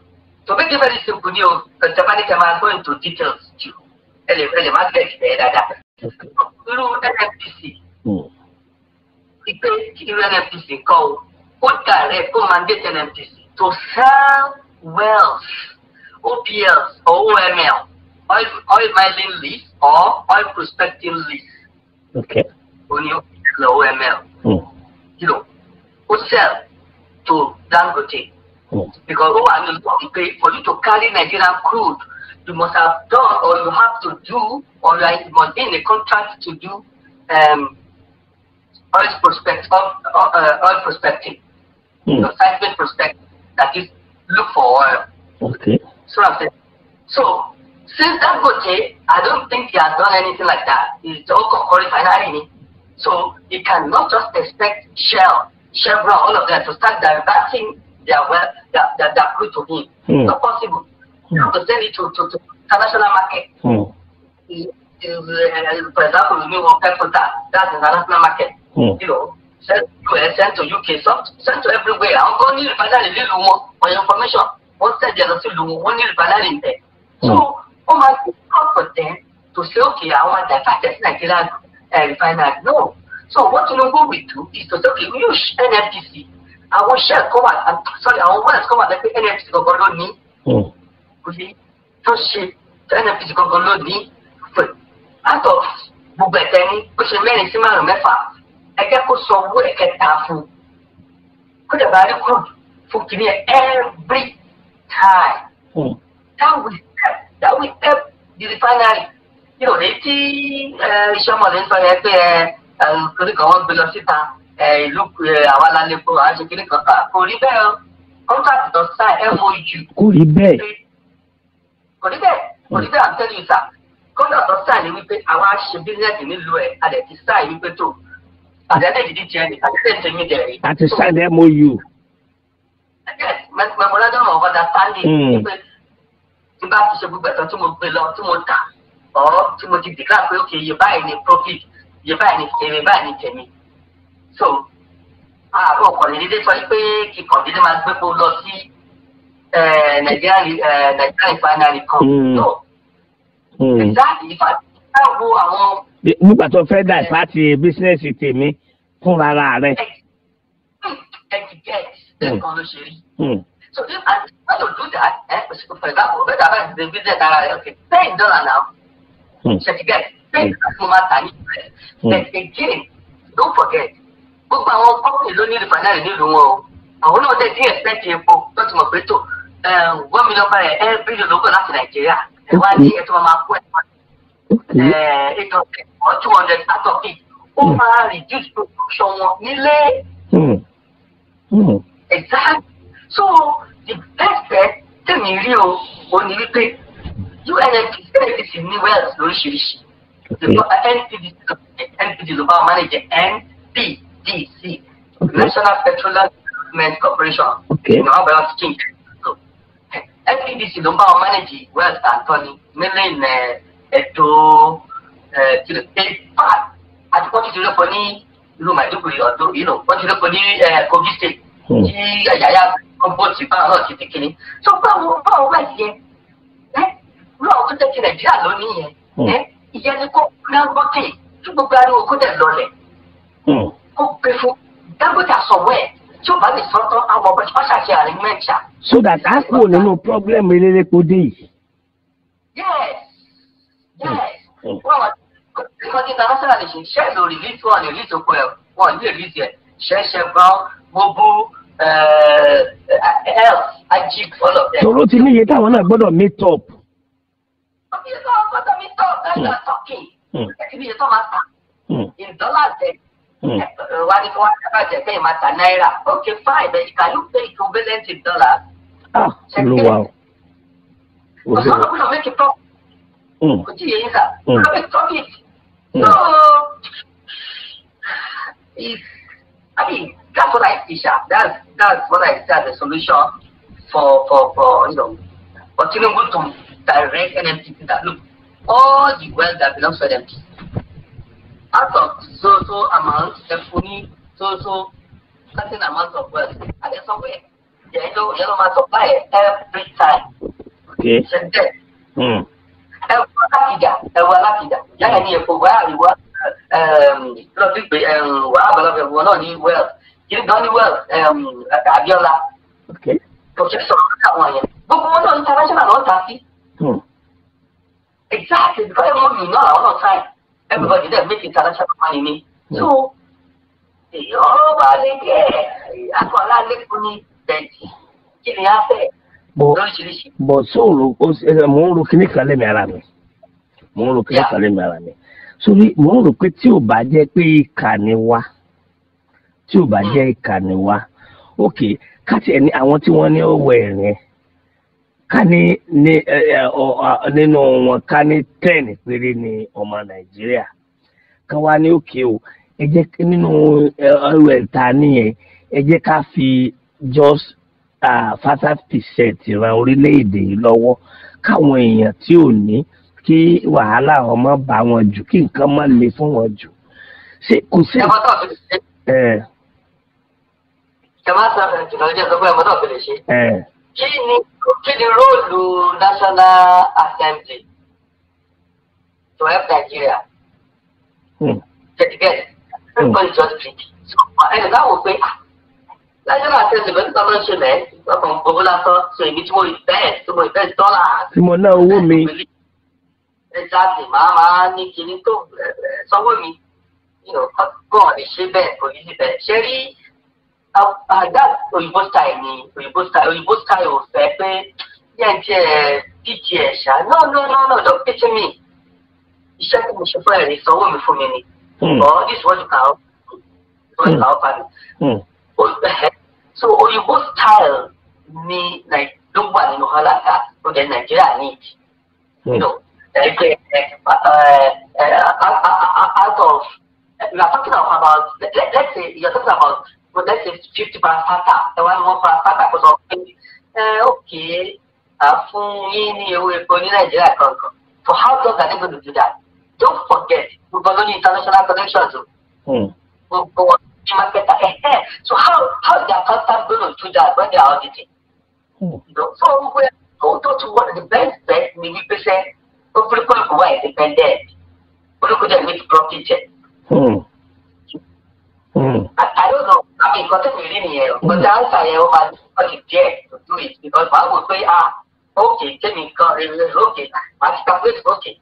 to make very simple ni o kẹtẹmánì kẹ máa go into details ju ẹ lè ẹ lè má gẹ̀ ẹ̀ dáadáa irú NNPC ìpè irú NNPC kọ́ o ó direct kó mandate NNPC to sell wells OPLs or OML. oil oil mining lease or oil prospecting lease. Okay. When you the OML, mm. you know, who sell to Dangote. Mm. Because oh, I mean, for you to carry Nigerian crude, you must have done or you have to do or you are must in a contract to do um, oil prospect oil, uh, oil prospecting, mm. you know, seismic prospecting. That is, look for oil. Okay. So I'm saying, so since that Goche, I don't think he has done anything like that. He's Joko qualified enemy. So you cannot just expect Shell, Chevron, all of them to start diverting their wealth, their, their, their good to him. Mm. It's hmm. not possible. You have to send it to, to, international market. Mm. Is, uh, for example, we mean that that's international market. Mm. You know, send to US, send to UK, send to everywhere. I'm going to refinery, Lilu, for your information. What's that? There's a Lilu, one refinery in there. So, hmm. ó máa gbé kọ́pọ̀ tẹ́ tòsí òkè àwọn àjàkálẹ̀ sí nàìjíríà refinery náà so what tinubu will do is to say okay we use nnpc àwọn shell kọ́ wà sorry àwọn wells kọ́ wà lẹ́pẹ́ nnpc gangan ló ní hmm. kò sí tó ṣe nnpc gangan ló ní out of gbogbo ẹ̀tẹ́ ní ó ṣe mẹ́rin sí márùn-ún mẹ́fà ẹ jẹ́ kó sọ owó ẹ̀kẹta fún un kó dẹ̀ bá rí kúrò fún kìnìún every time. Mm. that will that we help the refinery kí ló dé tí sọmọlẹ ń sọ yẹn pé kíní kan wọ́n gbé lọ síta ìlú àwa lálẹ́ kó àwọn aṣọ kíní kan kà kò rí bẹ́ẹ̀ o contract tó sá mou. kò rí bẹ́ẹ̀. kò rí bẹ́ẹ̀ kò rí bẹ́ẹ̀ àtẹ́lẹ̀ ìta contract tó sá ni wípé àwa ṣe bísíǹsì nílùú ẹ̀ àdẹ̀ ti sá yìí wípé tó àdẹ́tẹ̀ ìdí tiẹ̀ ni àdẹ́tẹ̀ tèmi dẹ̀ rí. àti sá mou. yes mẹ́mọ́lá dọ́mọ̀ ọ̀gá tí bá ti ṣe gbogbo ẹ̀tọ́ tí mo gbé lọ tí mo tà ọ́ tí mo ti dìgbà pé ok iye báyìí ni profit iye báyìí ni èrè báyìí ni tèmi so àbọ̀ ọ̀kọ̀lẹ̀ dídé sọ pé kíkọ̀ dídé máa gbé kó lọ sí Nàìjíríà Nàìjíríà ìpanari kan no hmm. hmm. exactly ìfà ìfà wo àwọn. nígbà tó fẹ́ dà láti bísíǹsì tèmi fúnra rẹ̀. ẹ ti gẹ̀ẹ́sì ẹ̀kan ló ṣe rí. Hmm. So if I when you do that, eh, for example, when I the business that okay, ten dollar now. Hmm. So you get ten customer hmm. time. Hmm. Then again, don't forget, gbogbo àwọn company ló ní refinery nílùú wọn o. Àwọn náà dẹ̀ dín ẹ̀sẹ̀tì epo tó ti mọ̀ pé tó um, one million barrel every day ló gbọ̀ láti Nàìjíríà. Ẹ wá ní ẹ̀tọ́ máa kó ẹ̀ wá. Eh, eight hundred or two hundred out of Ó hmm. máa reduce production wọn nílé. Exactly so the best bet tèmi rí o ò ní wípé UNFPC NPC ní wells lóríṣiríṣi NPD ló bá manage NPDC National Petroleum Development Corporation ìnáwó abẹ́rẹ́ ti kíni NPDC ló bá wọn manage wells àtọ́ ni mílíọ̀nù ẹ̀dọ́ ẹ̀ẹ́dẹ́gbẹ̀ta àti wọ́n ti ti rẹ́pọ̀ ní ìlú màdúgbò ọ̀dọ́ yìí nù wọ́n ti rẹ́pọ̀ ní Kogi State yàyà yà gbogbo ti bá ọ̀rọ̀ ti kékeré tó báwo báwo wà yẹ ẹ lọ́wọ́ tó tẹ̀sí nàìjíríà lónìí yẹn ni kó dangote tí gbogbo ariwo kó dẹ̀ lọlẹ̀ kó gbé fún dangote àsọ̀wọ́ ẹ̀ tí ó bá lè sọ́tọ́ so that a hmm. kúrò problem elélépo dé kudi. yes yes wọ́n wá ìkọ́jú international lè ṣe ṣẹ́ẹ̀lì òrìlì tí wọ́n lè rí ìtòkọ ẹ̀ wọ́n lè rí ìtì ẹ̀ ṣẹ́ṣẹ́ health uh, ajik uh, all of them. tòró ti ní iye táwọn náà gbọ́dọ̀ meet up. wọ́n sọ gbọ́dọ̀ meet up that's hmm. why i'm talking. ẹ̀sìn mi yẹn tó máa ta hmm. in dollars hmm. ẹ̀ wá ní kí wọ́n ti bàjẹ́ pé ìmọ̀ ta náírà okay fine but you can look pay equivalent in dollars. ah ló wà o. ọ̀sán ló gbọ́dọ̀ make a profit. kò tí ì yẹ yín sá. ló make profit. so if I mean, that's what I teach at. That's, that's what I said, the solution for, for, for you know, but for Tinubu to direct NMT that, look, all the wealth that belongs to NMT, out of so-so amount, only so-so certain amount of wealth, and there's somewhere. There is no yellow man supply every time. Okay. Shenzhen. Hmm. Ẹ̀wọ̀n láti jà, ẹ̀wọ̀n láti jà, yáyà ni èkó, wẹ́ẹ́ àríwá. lọ um ehm, pé ehm, wàá àbọ̀lọ́fẹ̀ wọn náà ní well kiri gan ní well ehm, Abíọ́lá kò ṣe sọ̀rọ̀ káwọn yẹn gbogbo wọn náà international náà ta sí. Hmm. exactly because everyone you know àwọn náà sign everybody there make international money ni. Hmm. so ọ̀rọ̀ bá lè kẹ́ àkọ́lá lẹ́kọ̀ọ́ ní bẹ́ẹ̀dì kí ni a fẹ́ lóríṣiríṣi. bọ̀ sóòrò mo ń ro kíní kan lẹ́mìí ara mi mo ń ro kíní kan lẹ́mìí ara mi sórí mò ń rò pé tí ò bá jẹ́ pé ìkà ni wá tí ò bá jẹ́ ìkà ni wá ok ká tiẹ̀ ní àwọn tí wọ́n ní ọwọ́ ẹ̀rín ká ní nínú wọn ká ní ten péré ní ọmọ nàìjíríà ká wá ní òkè o ẹ jẹ́ nínú ọwọ́ ẹ̀ta nìyẹn ẹ jẹ́ ká fi just ah, five percent ran orílẹ̀-èdè yìí lọ́wọ́ káwọn èèyàn tí ò ní kí wàhálà ọmọ bá wọn jù kí nǹkan má le fún wọn jù ṣé kò sí. ẹ mọ́tò fi lè ṣe. jọba sọ fún ìjìnlẹ̀ ọjọ́ ìjọba ẹ mọ́tò fi lè ṣe. kí ni kí ni róòlù national assembly to help Nigeria. ṣèdígẹ́ ẹ̀kọ́ ìjọsìn ẹ̀yìn táwọn pé ah, national assembly bẹ́ẹ̀ tó lọ́ọ́ ṣe lẹ́ẹ̀ ọkàn gbogbo lásán so èmi tí mo ì bẹ́ẹ̀ tí mo ì bẹ́ẹ̀ dọ́là. tí mo ná owó mi ẹja sì máa máa ní kinní tó sọ́wọ́ mi kọ́ lè ṣe bẹ́ẹ̀ kò ní síbẹ̀ ṣe rí àdá òyìnbó style ni òyìnbó style òyìnbó style ò fẹ́ pé no no no no don't pity me iṣẹ́ tí mo ṣe fún ẹ̀rí sanwó ni ọ̀ hmm. this one kà ó one kà ó pa mi so òyìnbó ni ló wà nínú hàlàkà ó dẹ̀ nàìjíríà Okay. out of, we are talking about, let, let's say, you are talking about, well, let's say fifty brand startup, the one more brand startup was okay. Uh, okay, fún yín ní owó epo ní Nàìjíríà kankan. So how does that they to do that? Don't forget, we've got only international connections. Mm. We've got market. so how how is the customer going to do that when they are auditing? Mm. So, so, we, go to what want the best bet, maybe percent kulikuli kuwa independent kulikuli dey make profit jẹ. I don't know àmì nǹkan tó mi rí nìyẹn o but answer yẹn o máa dùn di to do it because màá wò pé ah okay kémi nǹkan rere okay màá ti calculate okay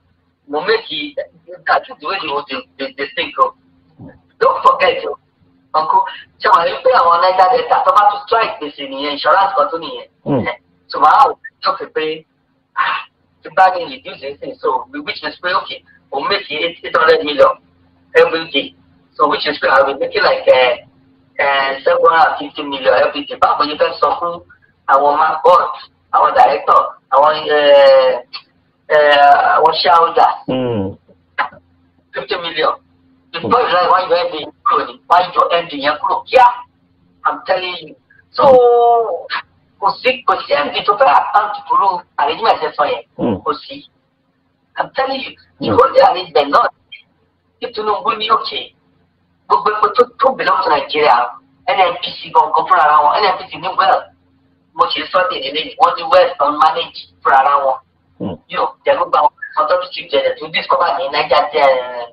mo make you that the way you dey dey think o oh. don't forget o oh. uncle ṣe wọn rí pé àwọn naija delta tó bá tu strike gbèsè nìyẹn insurance kan tó nìyẹn hmm. eh, so màá wò ó tó ah. bagging it, this is So we, which is free, okay, we'll make it 800 million every day. So which is free, I will make it like uh, uh, 750 million every day. Báwo you can sọ fún àwọn man board, our director, àwọn uh, uh, àwọn shareholders? Mm. 50 million. The hmm. Before is like why you end the why you end the year, yeah, I'm telling you. So. kò sí kò sí md tó fẹ́ àkáǹtì dúró àrèjìmẹ̀tì ẹ̀sán yẹn hmm. kò sí i'm telling you the only arrangement náà tí Tinubu ní òkè gbogbo epo tó tó belong to Nigeria NNPC gangan fúnra ara wọn NNPC ní well mo ṣe sọ de nílé wọn ní well don manage fúnra ara wọn hmm. yóò tẹ̀lé gba wọn fún ọdún tuntun jẹjẹ tó discover ní Niger jẹ eh,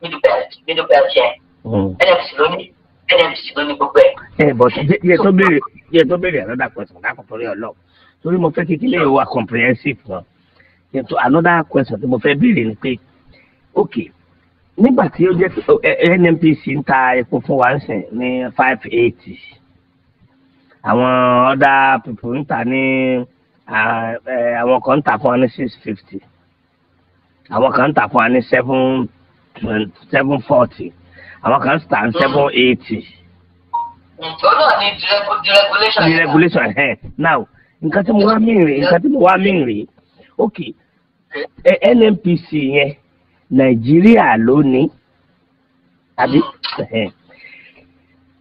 middle belt middle belt yẹn hmm. NNPC ló ní NNPC ló ní gbogbo ẹ. ẹ bọ̀ yẹ tó béèrè yẹ tó béèrè another question dákun torí ọlọ torí mo fẹ́ kékeré wa comprehensive náà yẹtọ another question tí mo fẹ́ béèrè ni pé ok nígbà tí ó jẹ́ oh, eh, eh, NNPC ń ta epo fún wa ń sìn ní five eighty àwọn other people ń ta ní eh, àwọn kan ń ta fún wa ní six fifty àwọn kan ń ta fún wa ní seven seven forty àwọn kan ń ta ní seven eighty olóò ni deregulation. deregulation ẹ eh, now nǹkan tí mo wá mí rèé nǹkan tí mo wá mí rèé ok eh, NNPC yẹn nàìjíríà ló ní àbí hmm. eh,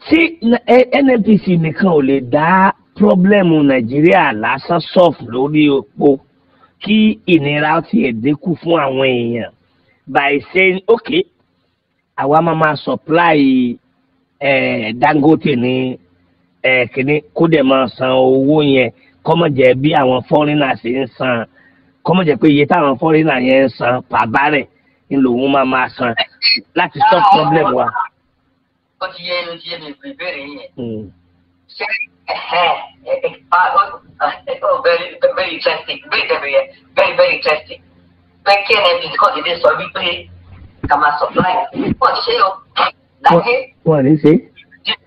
tí NNPC nìkan ò lè dá pírọ́blẹ́mù nàìjíríà lásán sọ́ọ̀fù lórí epo kí ìnira ti dínkù fún àwọn èèyàn by saying ok àwa máa máa supply Dangote ní kíní kó dẹ̀ máa san owó yẹn kọ́mọ̀jẹ́ bí àwọn fọ́rínà ṣe ń san kọ́mọ̀jẹ́ pé iye táwọn fọ́rínà yẹn ń san pàbá rẹ̀ ń lòun máa máa san láti stop problem wa. ó ti yé ló ti yé mi ìbéèrè yẹn hmm. ṣé very interesting very very very interesting pé kí ni because ìdí sọ wípé kà máa supply pọ̀ ṣé o wọn ní ṣe. yes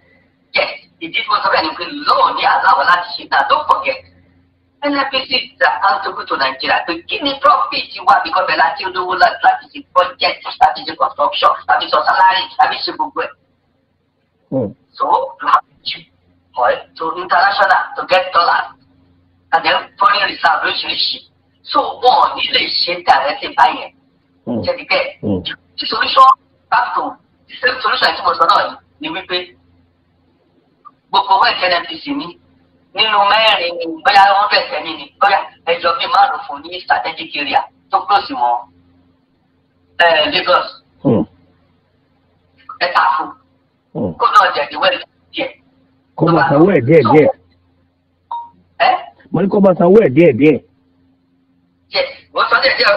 ìdí tí mo sọ bẹ́ẹ̀ ni pé lọ́wọ́ ní aláwọ̀ láti ṣe don't forget benefits that accountable to Nigeria pé kí ni profit wa because bẹ́ẹ̀ láti olówó láti a budget láti ṣe construction láti ṣe salary láti ṣe gbogbo ẹ̀. so you have to for to international to get dollars and then foreign reserve lóṣìṣì so wọn ò ní lè ṣe directly báyẹn. ṣe ti bẹ́ẹ̀ the solution back to the same solution tí mo sọ náà ni wípé gbogbo owó nnpc ní nínú mẹ́rin ni bóyá wọ́n bẹ̀sẹ̀ ní ni bóyá ẹjọ́ bíi márùn-ún fún ní strategic area tó close mọ́ Lagos hmm. ẹ ta fún hmm. kó náà jẹ̀dí wẹ́ẹ̀lì díẹ̀. kó máa sanwó ẹ̀ díẹ̀ díẹ̀. mo ní kó máa sanwó ẹ̀ díẹ̀ díẹ̀. mo sọ díẹ̀ díẹ̀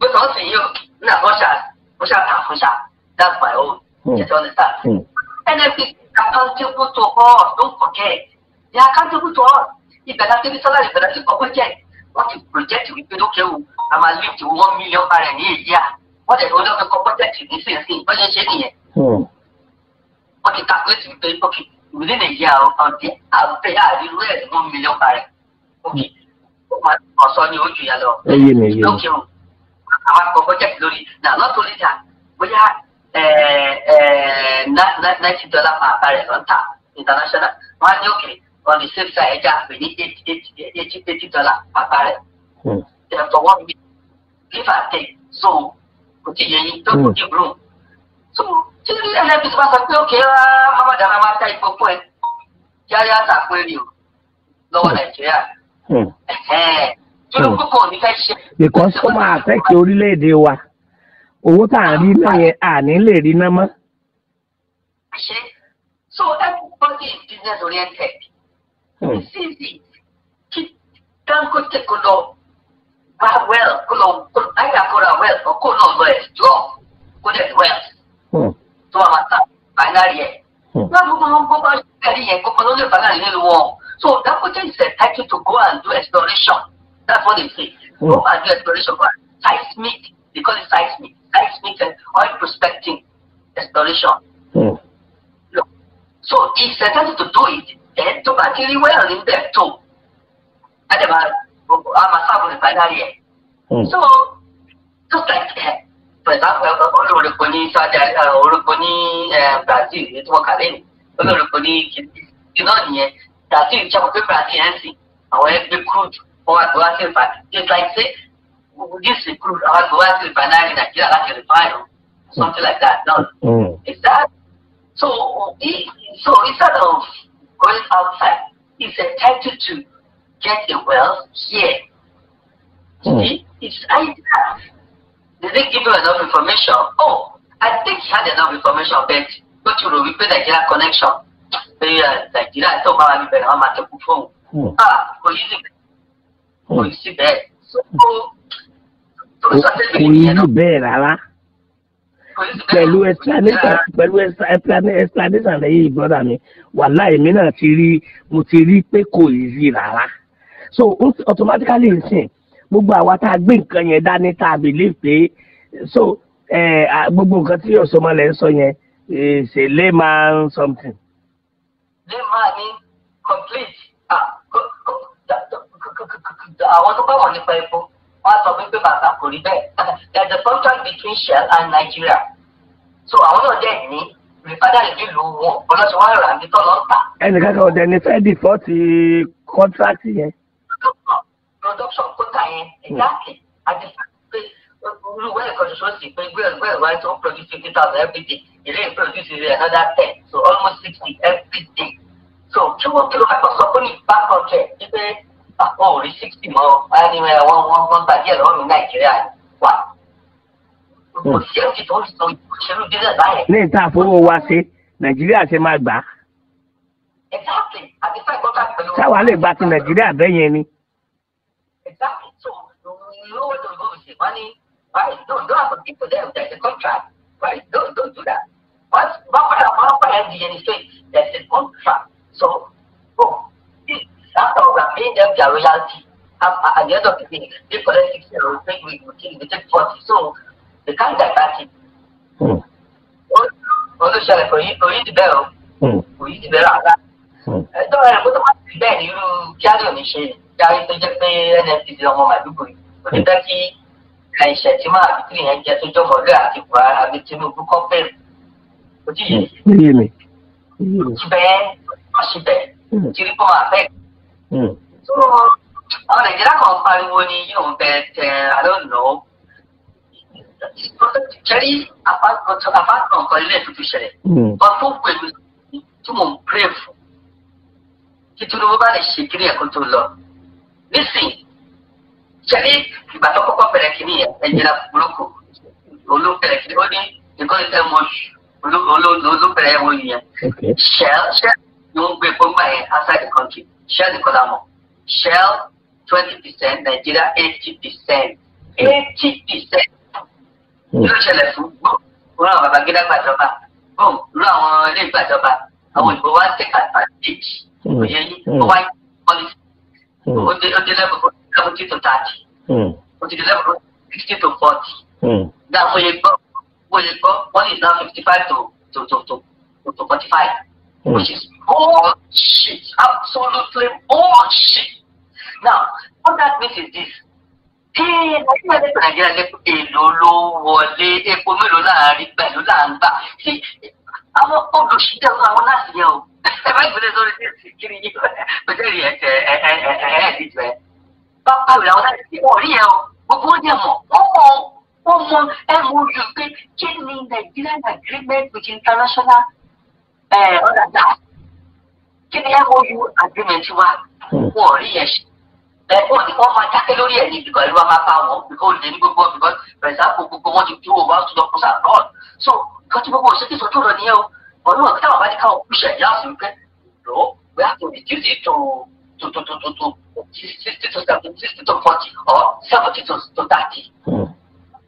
mo sọ sí yìí o ní àkọ́ṣà mo ṣàtà ṣá that's my own. You don't understand? Mm. And if it's accountable to all, don't forget. They are accountable to all. Ìbẹ̀rẹ̀ àti ibi sọ́lá ìbẹ̀rẹ̀ àti ọ̀pọ̀ jẹ́ wọ́n ti project wípé lókè o a máa lift one million barrel ní èyí à wọ́n tẹ̀lé olóògbé kọ́ project nísinsìnyí wọ́n ṣe ń ṣe nìyẹn. Wọ́n ti calculate wípé okay within a year ọ̀dẹ̀ àbẹ̀ àríwú ẹ̀ one million barrel. Okay ó máa ń sọ ní ojú yà lọ. Lókè o àwọn àkọ́kọ́ jẹ́ lórí náà lọ́tọ̀ọ́lẹ́jà bóyá ninety dollar per barrel ló ń tà international wọ́n á ní òkè on the safe side ẹja pè ní eighty eighty dollar per barrel then for one week give and take so kò tí yẹ yín tó kò tí room so tí ẹlẹ́bi tó bá sọ pé òkè mamadana máa ta ìfọ̀ fún ẹ yáyá sàpérì o lọ́wọ́ nàìjíríà tí olùkókò ní fẹ́ ṣe. because ó máa affect orílẹ̀-èdè owó tá à ń rí náà yẹn àní lè rí náà mọ́. àṣẹ so everybody is business oriented. Hmm. it's easy kí Dangote kò lọ gba well kò lọ either kò well or kò lọ lọ hmm. ẹ̀ jọ kò dẹ̀ well. tó àwọn àtà binary ẹ̀. náà gbogbo wọn gbọ́ bá ṣẹlẹ̀ yẹn gbogbo ló binary nínú wọn. so Dangote is entitled to go and do exploration that's what they say. Hmm. go and do exploration go seismic. because it's seismic, seismic and oil prospecting exploration. Mm. Look, so he started to do it, and to particularly well in depth too. And about I'm a sub of final year. Mm. So just like that. For example, Olukuni, uh, Olukuni, uh, Brazil, it's what I mean. Olukuni, you know, hmm. Brazil, Chapo Brazil, our every crude, or Brazil, but just like say, gives the crude oil to us with banana and like a refinery, something like that. No, mm. it's that. So, it, so instead of going outside, he's entitled to get a wealth here. Mm. It, it's idea. They didn't give you enough information. Oh, I think he had enough information, but go to repair the Nigeria connection. They are Nigeria, so how have you been? How at the phone? Mm. Ah, go easy. Go easy it. So, kò yíjú bẹ́ẹ̀ rárá pẹ̀lú explanation pẹ̀lú explanation lẹ́yìn brother mi wàhálà èmi náà ti rí mo ti rí pé kò yíjú rárá so automatically nsìn gbogbo àwa tá a gbé nǹkan yẹn dání tá a believe pé so gbogbo nǹkan tí ọ̀sọ́mọ lẹ́ ń sọ yẹn ṣe lè máa ń something. lè máa ní complete àwọn tó bá wọ̀ nípa epo wọ́n sọ pé bàbá kò rí bẹ́ẹ̀ there is a contract between Shell and Nigeria so àwọn náà dẹ̀ ní rìfádàrí nílùú wọn ọlọ́sìn wọn rà mí tọ́lọ́ ta. ẹnìkan kan ọ̀dẹ̀ ni fẹ́ẹ́ dìfọ́ọ̀tì kọ́ńtrákì yẹn. production kóta yẹn exactly àti hmm. pé olùwẹ̀ ẹ̀kọ́ ṣoṣo sì pé gbẹ̀rẹ̀gbẹ̀ wáyé tó ń produce fifty thousand every day ilé ń produce ilé another ten so almost sixty every day so kí wọ́n kí ló fẹ́ kọ́ sọ fún ní back up rẹ̀ wípé àpò òrí sixty mọ́ wáyé ni wọ́n wọ́n wọ́n gbà díẹ̀ lọ́rùn nàìjíríà wà. òṣèlú ti tó ń sọ òṣèlú dídẹ̀ báyẹn. ní ìta àfọwọ́ wa ṣe nàìjíríà ṣe máa gbà á. sáwa lè gba ti nàìjíríà bẹ́yẹn ni. Right, don't don't do that. Once, but what I'm saying is, there's a contract. So, oh, that program paying them their royalty. At, at the end of the day, they collect 60 and we take, we, we take 40. So they can't divert it. Olú ṣẹlẹ̀ kò yí kò yí ti bẹ́ẹ̀ o. Kò yí ti bẹ́ẹ̀ rárá. Ẹjọ́ rẹ̀ kó tó má ti bẹ́ẹ̀ ní irú kíárì òní ṣe járí tó jẹ́ pé NNPC ọmọ màdúgbò yìí. Kò ní fẹ́ kí ẹ̀ṣẹ̀ tí máa fi tìrì yẹn jẹ tó jọ́ mọ̀lẹ́ àti Buhari àbí Tinubu kọ́ bẹ̀rù. Kò tí yé mi. Bẹ́ẹ̀ wọ́n ṣe bẹ̀rẹ̀. Kiri kó máa fẹ́ẹ̀. Hmm. so àwọn nàìjíríà kan pariwo ni yóò bẹ tẹ àdóòlò jẹrí apákan kan ilé tuntun ṣẹlẹ̀ wọn tó pẹ̀lú tí mò ń pray fún kí tinubu bá lè ṣe kiri ẹ̀kọ́ tó lọ nísìnyí jẹrí ìgbà tó kọ́kọ́ bẹ̀rẹ̀ kìíní ẹ̀jẹ̀ra burúkú olóbẹ̀rẹ̀ kìíní ó ní nǹkan ẹ̀mọ́ olóbẹ̀rẹ̀ ẹ̀wọ̀n yẹn ṣẹ́ẹ́ ṣẹ́ẹ́ ni wọ́n gbé gbọ́ngbà yẹn outside the country shell ni kọ́lá shell twenty percent nàìjíríà eighty percent eighty percent hmm. yóò ṣẹlẹ̀ fún gbòm rú àwọn babagídá gbàjọba gbòm rú àwọn ilé ìgbàjọba àwọn òyìnbó wa take advantage òye yìí ó wáyé policy hmm. ó dé ó dé level seventy to thirty hmm. ó ti dé level sixty to forty dáa fún yẹ gbọ́ wọ́n yẹ gbọ́ one is now fifty five to to to to forty five which is bullshit, absolutely bullshit. Now, what that means is this. èlò ló wọlé epo mélòó láàrin pẹ̀lú láǹgbà. àwọn olùṣíjẹ́ àwọn láti yẹ o. Ẹ bá ìpínlẹ̀ sọ́rọ́ sí èsì kiri yìí. Bẹ́ẹ̀ ni ẹ̀sẹ̀ ẹ̀ẹ́dìjọ ẹ̀. Bábá ìlà wọn láti ṣe wọ̀rí ẹ̀ o. Gbogbo oúnjẹ mọ̀. Wọ́n mọ wọ́n mọ MOU pé kí ni Nigerian agreement with international ẹ ọ̀dà dá kí ni mou agreement wa wọn ò rí yẹn ṣe ẹ wọn ni wọn máa dákẹ́ lórí ẹ̀ ní bìkọ́ ìlú wa máa bá wọn bìkọ́ olè ní gbogbo bìkọ́ pẹ̀lú àpò gbogbo wọn ti fi owó wọn tún lọ kó sàrọ̀ so nǹkan tí gbogbo òṣèké sọ́tún lọ nìyẹn o ọdún wọn kíkà wọn bá ní káwọn kú ṣẹ̀ yá fún pé lọ we have to reduce it to to to to to to sixty to seventy to forty or seventy to to thirty. Hmm.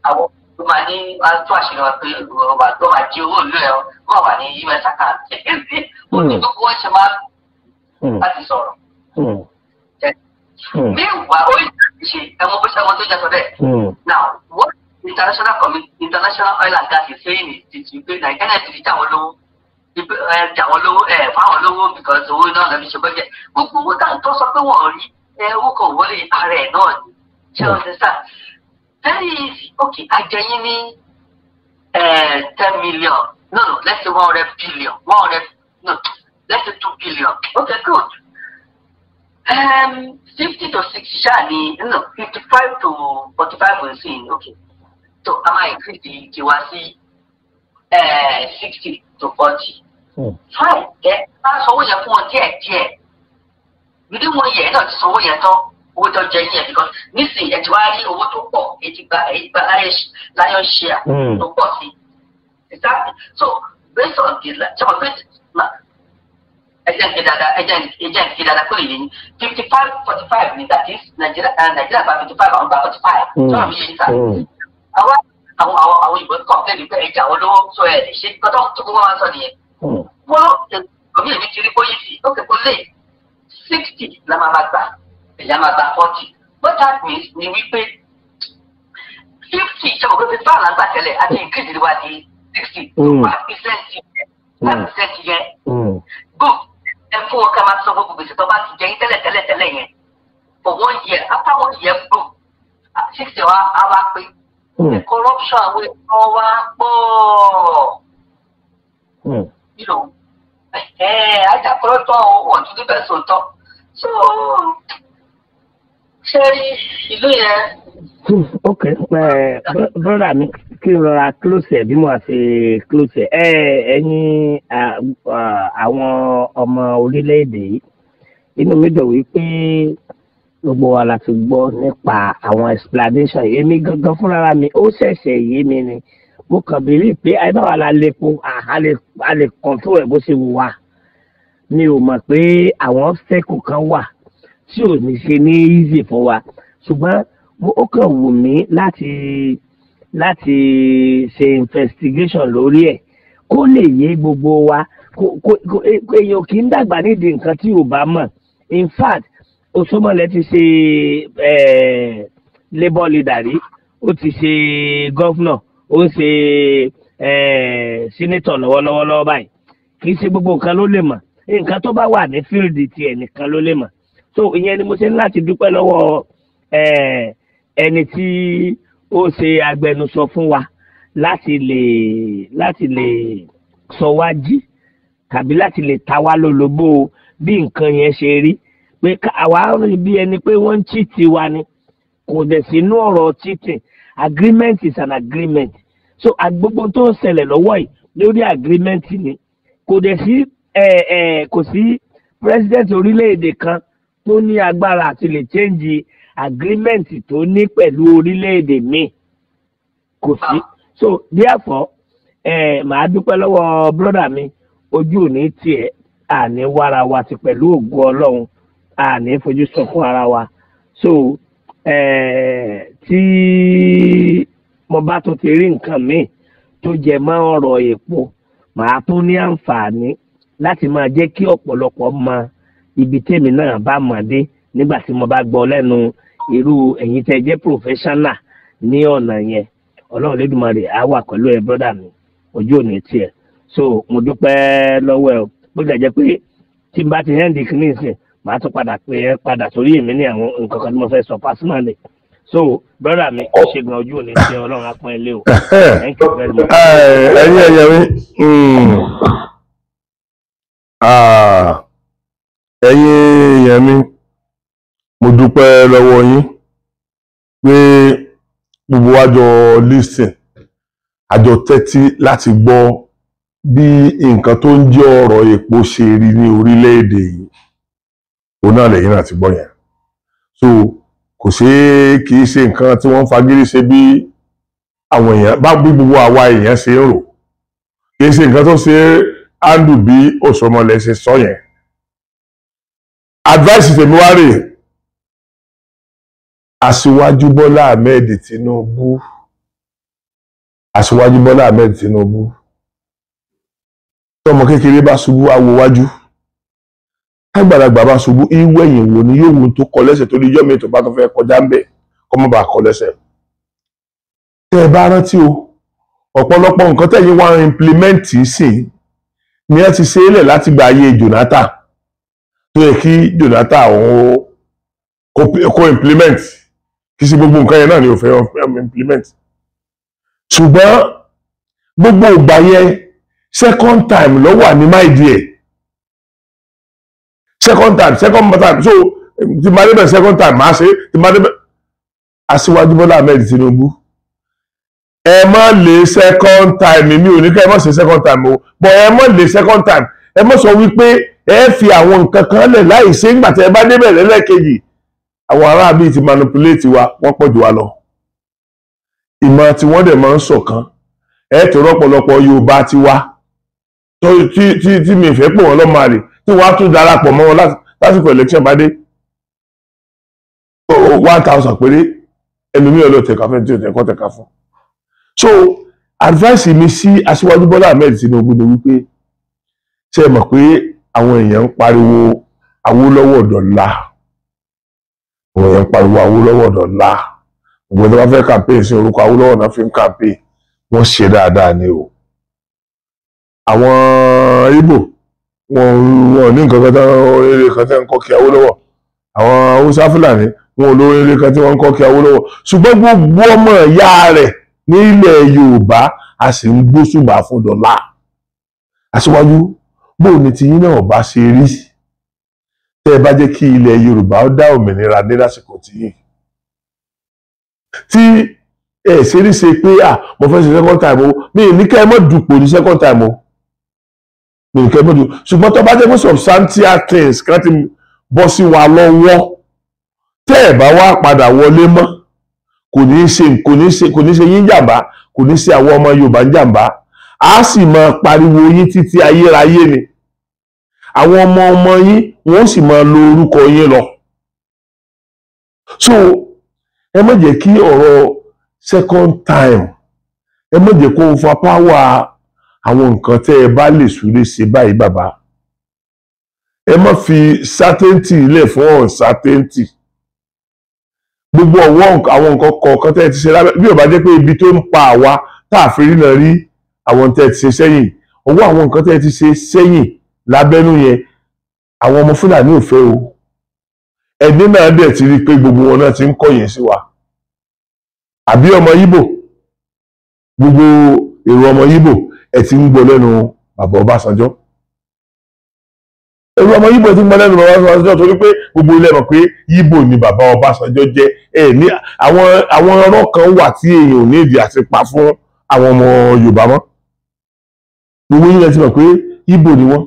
àwọn tó máa ní tó àṣírí wa pé ọba tó máa jẹ owó ìlú ẹ wà wà ní us account òní tó kọ́ ṣe máa hmm. láti sọ̀rọ̀. meanwhile ó yẹ ṣe ẹmọ bó ṣe ọmọ tó jẹ bẹ́ẹ̀ hmm. now what international community international oil and gas is saying is pé nàìjíríà ti fi jáwọn lówó jáwọn eh, lówó ẹ eh, fáwọn lówó because owó náà lọ́ọ́ ṣe bọ́jẹ̀ gbogbo owó táwọn tó sọ pé wọ́n rí ẹ eh, owó kan wọlé ara ẹ̀ náà ṣé o hmm. ti sá. very easy. Okay, I àjẹyìn ní eh, ten million. No, no, let's say one hundred billion. One hundred, no, let's say two billion. Okay, good. Um, fifty to sixty ṣáà no fifty-five to forty-five we see okay. So a máa increase the tiwa sí sixty to forty. Hmm. Fine, ẹ eh, máa sanwó yẹn fún You díẹ̀ not want one year náà ti sanwó yẹn tán. owó tó jẹ yín yẹn because nísìnyí ẹ ti wá rí owó tó pọ̀ ẹ ti gba ẹ gba lion share mm. tó pọ̀ sí exactly so based on the ṣọmọ pé ẹjẹ nke dada ẹjẹ ẹjẹ nke dada kó yìí ni fifty five forty five ni that is Nigeria uh, Nigeria gba fifty five àwọn gba forty five mm. sọ̀rọ̀ mi yé níta mm. àwọn àwọn àwọn àwọn ìbò kọ̀ọ̀kẹ́lì pé ẹja àwọn olówó sọ ẹ̀ ṣe kọ́tọ́ tó kó wọn sọ nìyẹn wọ́n èmi ti rí bóyìí sí ó kẹ́kọ̀ọ́ lé sixty la máa ma gbà èyí máa gba forty what that means ni wípé fifty ṣe kò pé fifty pound la ń gbà tẹ́lẹ̀ àti increase ni wà sixty five percent yẹn five mm. percent yẹn mm. good ẹ fún wọn ká máa sọ gbogbo gbèsè tó bá ti jẹ yín tẹ́lẹ̀ tẹ́lẹ̀ tẹ́lẹ̀ yẹn for one year after one year mm. go sixty wa á wá pé corruption àwọn èèyàn wa pọ̀ you know ẹ̀ ẹ́ ajá kúrọ́tọ̀ ọ̀tún níbẹ̀ sọ̀tọ̀ so ṣé rí ìlú yẹn. ok brọ́dà mi kí n rọra close ẹ̀ bí mo ṣe close ẹ̀ ẹ̀yin àwọn ọmọ orílẹ̀-èdè yìí inú mi dùn wípé gbogbo wa la ti gbọ́ nípa àwọn explanation yìí èmi gangan fúnra mi ó ṣẹ̀ṣẹ̀ yé mi ni mo kàn bí rí pé ayé báwa la lè po a lè control ẹ̀ bó ṣe wù wá mi ò mọ̀ pé àwọn obstacle kan wà tí ò ní ṣe ní easy fún wa ṣùgbọ́n ó kàn wù mí láti láti ṣe investigation lórí ẹ̀ kó lè yé gbogbo wa kó e, èèyàn kì í dàgbà nídìí nǹkan tí ò bá mọ̀ in fact Osomole ti ṣe labour leader rí ó ti ṣe governor ó ń ṣe senator lọ́wọ́lọ́wọ́ báyìí kì í ṣe gbogbo nǹkan ló lè mọ̀ nǹkan tó bá wà ní fíìlì tiẹ̀ nìkan ló lè mọ̀ so ìyẹn ni mo ṣe ń láti dúpẹ́ lọ́wọ́ ẹni tí ó ṣe agbẹnusọ fún wa láti lè láti lè sọ wá jí tàbí láti lè ta wá lólobó bí nǹkan yẹn ṣe rí pé àwa rìn bí ẹni pé wọ́n ń chìtì wa ni kò dẹ̀ sínú ọ̀rọ̀ chìtì agreement is an agreement so gbogbo tó ń ṣẹlẹ̀ lọ́wọ́ yìí lórí agreement ni kò dẹ̀ sí kò sí president orílẹ̀-èdè kan tó ní agbára àti lè change agreement tó ní pẹ̀lú orílẹ̀-èdè míì kò sí so therefore eh, màá dúpẹ́ lọ́wọ́ brọ́dà mi ojú ò ní tiẹ̀ àní wára wa ti pẹ̀lú ògùn ọlọ́run àní fojú sọ fún ara wa so eh, tí mo bá tún ti rí nǹkan míì tó jẹ mọ́ ọ̀rọ̀ èpo màá tún ní àǹfààní láti máa jẹ́ kí ọ̀pọ̀lọpọ̀ máa ibi tèmi náà bá mọ̀ dé nígbà tí mo bá gbọ́ lẹ́nu irú ẹ̀yin tẹ́ jẹ́ professional ní ọ̀nà yẹn ọlọ́run lẹ́dùnmarè á wà pẹ̀lú ẹ brọ́dà mi ojú ò tiẹ̀ so mo dúpẹ́ lọ́wọ́ ẹ bó ṣe jẹ́ pé tí n bá ti hẹ́ndì kí ní ìsìn màá tún padà pé ẹ padà sórí èmi ní àwọn nǹkan kan tí mo fẹ́ sọ personally so brọ́dà mi ó ṣe gan ojú ò tiẹ̀ ọlọ́run á pọ́n ilé o thank you very much. ẹ̀yin èèyàn mi mo dúpẹ́ lọ́wọ́ yín pé gbogbo wa jọ listen a jọ tẹ́tí láti gbọ́ bí nǹkan tó ń jẹ́ ọ̀rọ̀ epo ṣe rí ní orílẹ̀ yìí òun náà lẹ́yìn náà ti gbọ́ yẹn so kò ṣeé kì í ṣe nǹkan tí wọ́n ń fagídí ṣe bí àwọn èèyàn bá bí gbogbo àwa èèyàn ṣe ń rò kì í ṣe nǹkan tó ṣe áńdù bí òṣòmọlẹ̀ ṣe sọ yẹn advice tèmi wá rèé aṣíwájú Bọ́lá Ahmed Tinubu aṣíwájú Bọ́lá Ahmed Tinubu tọmọ kékeré bá ṣubú awo wájú tágbàlagbà bá ṣubú irú ẹ̀yìn wo ni yóò wù tó kọ lẹ́sẹ̀ torí ijọ́ mi tó bá tó fẹ́ kọjá ń bẹ̀ kọ́ mọ́ bá kọ lẹ́sẹ̀ tẹ́ ẹ bá rántí o ọ̀pọ̀lọpọ̀ nǹkan tẹ̀yìn wá implement sí ni ẹ ti ṣe é lẹ̀ láti gba ayé Jonathan tó yẹ kí Jonathan òun kó implement kì í ṣe gbogbo nǹkan yẹn náà ni ò fẹ́ um, implement ṣùgbọ́n gbogbo ìgbà yẹn second time ló wà ní my dear second time second time so ti máa débẹ̀ second time máa ṣe ti máa débẹ̀ aṣíwájú Bọ́lá Ahmed Tinubu ẹ má lè second time mi ò ní ká ẹ má ṣe second time o but ẹ má lè second time ẹ má sọ wípé ẹ fi àwọn nǹkan kan lẹ̀ láì ṣe ńgbà tẹ́ ẹ bá débẹ̀ lẹ́lẹ́kejì àwọn ará mi ti manipulate wa wọ́n pọ̀ jù wa lọ ìmọ̀ tí wọ́n dẹ̀ máa ń ṣọ̀kan ẹ tó rọ́pọ̀lọpọ̀ Yorùbá ti wa tí mi fẹ́ pè wọ́n lọ́mọ àlè tí wọ́n á tún darapọ̀ mọ́ wọn lásìkò election bá dé one thousand péré ẹlòmíì ọlọ́tẹ̀ka fẹ́ tí ọ̀tẹ̀kọ́ tẹ̀ka fún so advice mi sí Aṣíwájú Bọ́lá Ahmed Tinubu ni wípé ṣe mọ̀ pé àwọn èèyàn ń pariwo Awólọ́wọ̀ dọ̀la àwọn èèyàn ń pariwo Awólọ́wọ̀ dọ̀la gbogbo ẹni tó bá fẹ́ campaign sí orúkọ Awólọ́wọ̀ náà fi ń campaign wọ́n ṣe dáadáa ni o àwọn Ìgbò wọn wọn ní nǹkan kan tán eré kan tán ń kọ́ kí Awólọ́wọ̀ àwọn Haúsá Fúlàní wọn ò lórí eré kan tí wọ́n ń kọ́ kí Awólọ́wọ̀ ṣùgbọ́n gbogbo ọmọ ìyá rẹ̀ ní Yorùbá a sì ń gbósùbà fún dọ̀la aṣíwájú bó ni tiyín náà bá ṣe rí tẹ́ ẹ bá jẹ́ kí ilẹ̀ Yorùbá ó dá òmìnira dé lásìkò tiyín tí ẹ ṣe ṣe pé à mo fẹ́ ṣe second time o mi ì ní ká ẹ mọ́ dùpò ní second time o mi ì ní ká ẹ mọ́ dùpò ṣùgbọ́n tó bá jẹ́ pé substantial things kí wọ́n bọ́ sí wa lọ́wọ́ tẹ́ ẹ bá wá padà wọlé mọ́ kò ní ṣe kò ní ṣe kò ní ṣe yín jàmbá kò ní ṣe àwọn ọmọ Yorùbá jàmbá a sì máa pariwo yín títí ayérayé ni àwọn ọmọ ọmọ yín wọ́n sì máa lo orúkọ yín lọ. so ẹ má jẹ́ kí ọ̀rọ̀ second time ẹ má jẹ́ kó fa páwà àwọn nǹkan tẹ́ ẹ bá lè súré ṣe báyìí bàbá ẹ má fi certainty ilẹ̀ fún uncertainty gbogbo ọwọ́ àwọn nǹkan kọ̀ọ̀kan tẹ́ ẹ ti ṣe lábẹ́ bí ó bá jẹ́ pé ibi tó ń pa àwa tá a fi rí náà rí àwọn tẹ́ ẹ ti ṣe sẹ́yìn ọwọ́ àwọn nǹkan tẹ́ ẹ ti ṣe sẹ́yìn lábẹ́nú yẹn àwọn ọmọ fúlàní ò fẹ́ o ẹni náà dẹ̀ ti rí i pé gbogbo wọn náà ti ń kọ̀yìn sí wa àbí ọmọ yíbò gbogbo èrò ọmọ yíbò ẹ ti ń gbọ́ lẹ́nu bàbá Ọbásanjọ́ èrò ọmọ yíbò ti ń gbọ́ lẹ́nu bàbá Ọbásanjọ́ torí pé gbogbo ilé mọ̀ pé yíbò ni bàbá Ọbásanjọ́ jẹ́ ẹ ní àwọn àwọn ọ̀rọ̀ kan wà tí èèyàn ò ní ìdí àti pa fún àwọn ọmọ Yorùbá mọ́ gbogbo yín lẹ mọ̀ pé yíbò ni wọ́n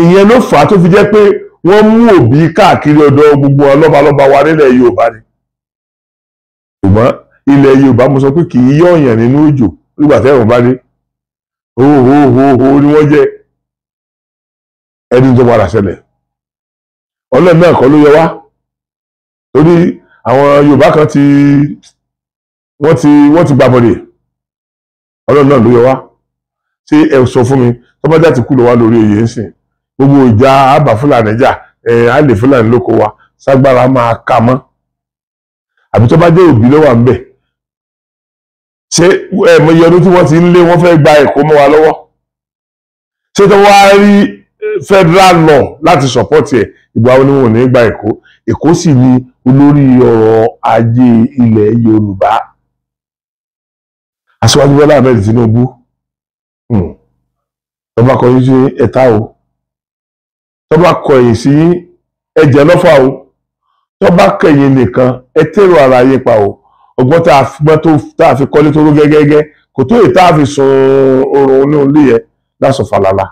ìyẹn ló fà á tó fi jẹ́ pé wọ́n mú òbí káàkiri ọ̀dọ̀ gbogbo ọlọ́balọ́ba wa nílẹ̀ yorùbá ni ṣùgbọ́n ilẹ̀ yorùbá mo sọ pé kì í yọ̀ọ̀yàn nínú òjò nígbà tẹ́wọ̀n bá dé hóhóhóhó ni wọ́n jẹ́ ẹni tó padà ṣẹlẹ̀ ọlọ́run náà kọ́ ló yẹ wá torí àwọn yorùbá kan ti wọ́n ti wọ́n ti gbàbọ̀dẹ̀ ọlọ́run náà ló yẹ wá ṣé ẹ sọ fún mi tọ́mọdé àti kú lọ wá lórí oyè ń sìn gbogbo ìjà àbá fúlàní jà á lè fúlàní lóko wa ságbára máa ka mọ́ àbí tó bá jẹ́ òbí ló wà ń bẹ̀ ṣé ẹ̀mọye ọdún tí wọ́n ti ń lé wọ́n fẹ́ gba ẹ̀kọ́ mọ́ wa lọ́wọ́ ṣé tó wá rí federal law láti support ẹ̀ ìgbà wo ni wọn ò ní gba ẹ̀kọ́ ẹ̀kọ́ sì ni olórí ọ̀rọ̀ ajé ilẹ̀ Yorùbá Aṣíwájú Bọ́lá Ahmed Tinubu lọ́ba kan yín sí ẹ̀ta o tó bá kọ̀yìn sí ẹ̀jẹ̀ lọ́fà o tó bá kẹ̀yìn nìkan ẹ tẹ̀rọ ara yín pa o ọgbọ́n tá a fi gbọ́n tá a fi tó rú gẹ́gẹ́gẹ́ kò tó èyí tá a fi sun oorun ní olú yẹn lásán falala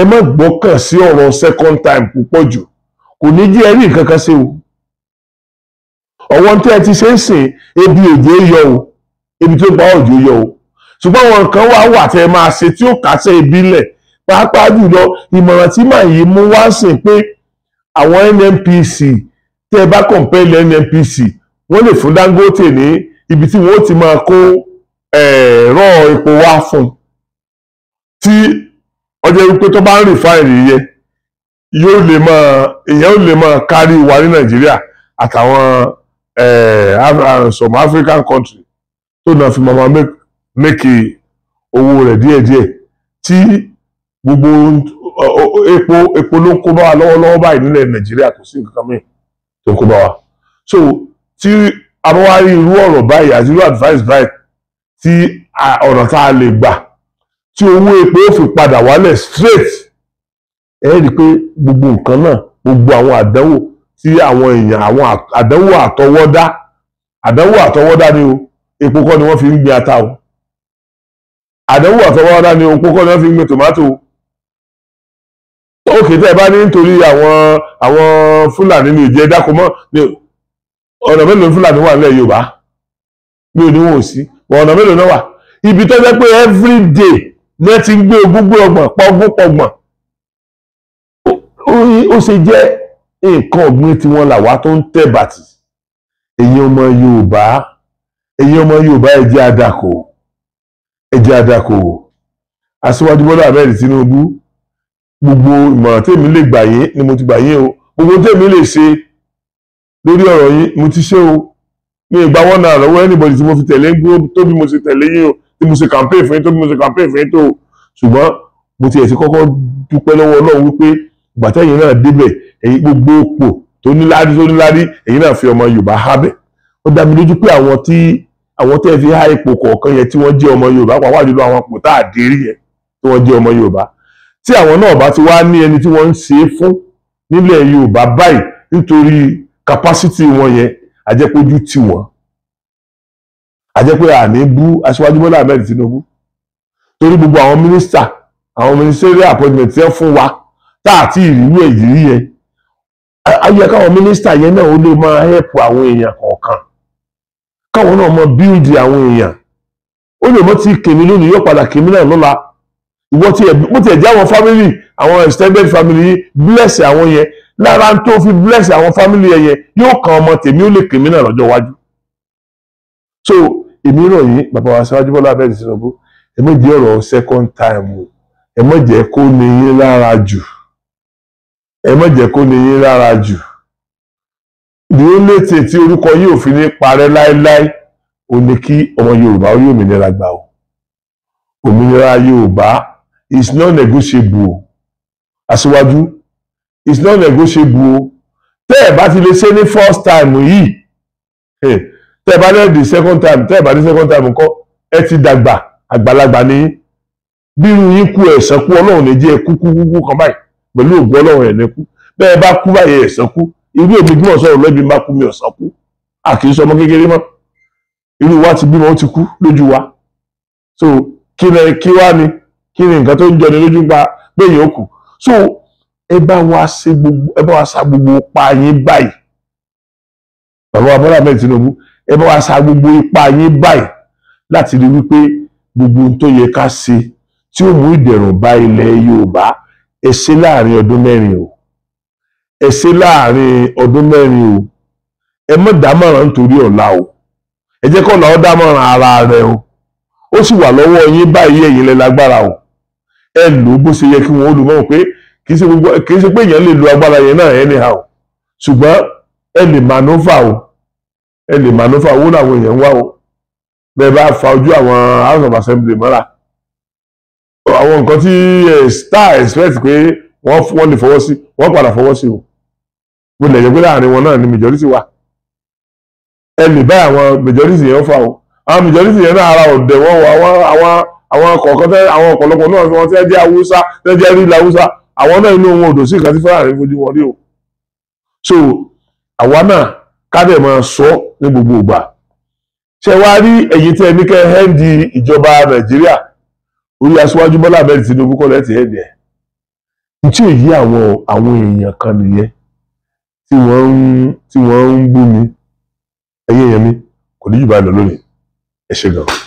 ẹ má gbọ́kàn sí ọ̀rọ̀ second time púpọ̀ jù kò ní jẹ́ ẹrí nǹkan kan o ọ̀wọ́n tí ẹ ti ṣe ń sìn ebi òjò yọ o ebi tó pa òjò yọ o ṣùgbọ́n àwọn nǹkan wà wà tẹ́ ẹ máa ṣe tí ó kásẹ̀ ibi lẹ̀ pàápàá jùlọ ìmọ̀ràn tí màá yìí mú wá sí pé àwọn NNPC tẹ́ ẹ bá kọ̀ǹpẹ́lì NNPC wọ́n lè fún Dangote ní ibi tí wọ́n ti máa kó ẹ̀rọ epo wá fún tí ọjọ́ wípé tó bá ń rìfáìrì yẹ yóò lè máa èèyàn ò lè máa kárí wa ní Nàìjíríà àtàwọn some African countries. tó náà fi máa make owó rẹ̀ díẹ̀díẹ̀ tí gbogbo epo epo ló ń kó bá wa lọ́wọ́lọ́wọ́ báyìí nílẹ̀ nàìjíríà kò sí nǹkan mìíràn tó ń kó bá wa so tí a bá irú ọ̀rọ̀ báyìí àti irú advice báyìí tí ọ̀nà tá a lè gbà tí owó epo ó fi padà wálẹ̀ straight ẹ rí i pé gbogbo nǹkan náà gbogbo àwọn àdánwò tí àwọn èèyàn àwọn àdánwò àtọwọ́dá àdánwò àtọwọ́dá ni o epo kọ́ ni wọ́n fi ń gbin ata o àdánwò àtọwọ́dá ni o epo kọ́ ni wọ́n fi ń gbin tòmátò o òkè tẹ́ ẹ bá ní nítorí àwọn àwọn fúlàní ní ìjẹ dáko mọ́ ọ̀nà mélòó fúlàní wà nílẹ̀ yorùbá mi ò ní wọn ò sí ọ̀nà mélòó náà wà ibi tó jẹ́ pé every day lẹ́ ti ń gbé ogún gbé ọgbọ̀n pọ́gbọ́n pọ́gbọ̀n ó ṣe jẹ́ nǹkan ọ̀gbìn tiwọn làwa tó ń tẹ̀ bàtì èyí ọmọ yorùbá èyí ọmọ yorùbá ẹ jẹ́ àdàkọ ẹ jẹ́ àdàkọ Aṣíwájú Bọ́lá Ahmed Tinubu gbogbo ìmọ̀ràn tèmi lè gbà yín ni mo ti gbà yín o gbogbo tèmi lè ṣe lórí ọ̀rọ̀ yín mo ti ṣe o mi ì gba wọ́n náà lọ́wọ́ anybody tí mo fi tẹ̀lé tó bí mo ṣe tẹ̀lé yín o tí mo ṣe campaign fún yín tó bí mo ṣe campaign fún yín tó o ṣùgbọ́n mo tiẹ̀ ti kọ́kọ́ dúpẹ́ lọ́wọ́ ọlọ́run wípé gbàtẹ́yìn náà débẹ̀ ẹ̀yin gbogbo òpò tó níláárí tó níláárí ẹ̀yin náà fi ọmọ yorùbá há bẹ̀ ó dá mi lójú pé àwọn tí àwọn tẹ́ fi há ipò kọ̀ọ̀kan yẹn tí wọ́n jẹ́ ọmọ yorùbá pàápàá jùlọ àwọn pò tá àdérí yẹn tí wọ́n jẹ́ ọmọ yorùbá tí àwọn náà bá ti wá ní ẹni tí wọ́n ń ṣe é fún nílẹ̀ Yorùbá báyìí nítorí capacity wọn yẹn àjẹpọ̀jú ti wọ́n àjẹpọ̀ àní bú aṣíwájú Bọ́lá Ahmed Tinubu torí gbogbo àwọn mínísítà àwọn ministerial appointment yẹn fún wa tá àti ìrírí èyírí yẹn ayé káwọn mínísítà yẹn náà ó lè máa help àwọn èèyàn kọ̀ọ̀kan káwọn náà mọ build àwọn èèyàn ó lè mọ ti kèmí lónìí yóò padà kèmí náà lọ́la ìwọ ti ẹ̀ bó ti ẹ̀ jẹ́ àwọn family àwọn extended family yìí bless àwọn yẹn lára tó fi bless àwọn family yẹn yẹn yóò kan ọmọ tèmi ó lè kèmí náà lọ́jọ́ iwájú. so èmi ràn yín bàbá wa Aṣíwájú Bọ́lá abẹ́rẹ́ Tinubu ẹ má jẹ́ ọ̀rọ̀ second time o ẹ má jẹ́ kó ní yín lára jù ẹ má jẹ́ kó ní yín lára jù ní ó létí tí orúkọ yìí ò fi ní parẹ́ láéláé ó ní kí ọmọ Yorùbá ó yóò mìnira gbà o òmìnira Yorùbá is not negotiable o aṣíwájú is not negotiable o tẹ́ ẹ̀ bá ti lè ṣe ní first time yìí tẹ́ ẹ̀ bá lè di second time tẹ́ ẹ̀ bá di second time kọ́ ẹ ti dàgbà àgbàlagbà ni bírú yín kú ẹ̀sán kú ọlọ́run lè jẹ́ ẹ̀kú kú kú kan báyìí pẹ̀lú ògùn ọlọ́run ẹ̀ lẹ́kú bẹ́ẹ̀ bá kú báyìí ẹ̀sán kú irú èmi bí wọ́n sọ̀rọ̀ lẹ́bi má kú mi ọ̀sán kú àkìí sọmọ kékeré mọ́ irú wa ti bímọ ó ti kú lójú wa so kí wá ni kí ni nǹkan tó ń jọni lójú pa pé èèyàn kù so ẹ bá wa ṣe gbogbo ẹ bá wa sa gbogbo pa yín báyìí bàbá wa Bọ́lá Ahmed Tinubu ẹ bá wa sa gbogbo ipa yín báyìí láti rí wípé gbogbo ohun tó yẹ ká ṣe tí ó mú ìdẹ̀rùn bá ilẹ̀ Yorùbá ẹ ṣe láàrin ọdún mẹ́rin o ẹ ṣe láàrin ọdún mẹ́rin o ẹ mọ̀ dámọ̀ràn nítorí ọ̀la o ẹ jẹ́ kọ́ ọ̀la ó dámọ̀ràn ara rẹ o ó sì wà lọ́wọ́ yín báyìí ẹ̀yin lẹ lágbára o ẹ lò bó ṣe yẹ kí wọ́n lò mọ́ pé kì í ṣe gbogbo kì í ṣe pé èèyàn lè lo agbára yẹn náà anyhow ṣùgbọ́n ẹ lè manova o ẹ lè manova owó làwọn èèyàn ń wá o bẹ́ẹ̀ bá fa ojú àwọn house of assembly mọ́ra àwọn nǹkan tí star expect pé wọ́n wọ́n lè fọwọ́ sí wọ́n padà fọwọ́ sí o mo lè yẹ pé láàrin wọn náà ni majority wà ẹ lè bá àwọn majority yẹn fà o àwọn majority yẹn náà ara ọ̀dẹ̀ wọn wọ àwọn àwọn àwọn kọ̀ọ̀kan tẹ́ àwọn ọ̀pọ̀lọpọ̀ náà tí wọ́n tẹ́ jẹ́ haúsá tẹ́ jẹ́ rí haúsá àwọn náà inú wọn odò sí nǹkan tí fúlàní fojú wọn rí o so àwa náà ká dẹ̀ máa sọ ní gbogbo ìgbà ṣe wá rí ẹ̀yin tẹ́ ní kẹ́ hẹ́ndì ìjọba nàìjíríà orí aṣíwájú bọ́lá abẹ́rẹ́ tinubu kọ́lẹ́ ti hẹ́ndì ẹ̀ tí ò yí àwọn àwọn èèyàn kan nìyẹn tí wọ́n ń tí wọ́n ń bú mi ẹ̀yẹ́ yẹn mi kò ní jù bá lọ lónìí ẹ ṣe gan-an.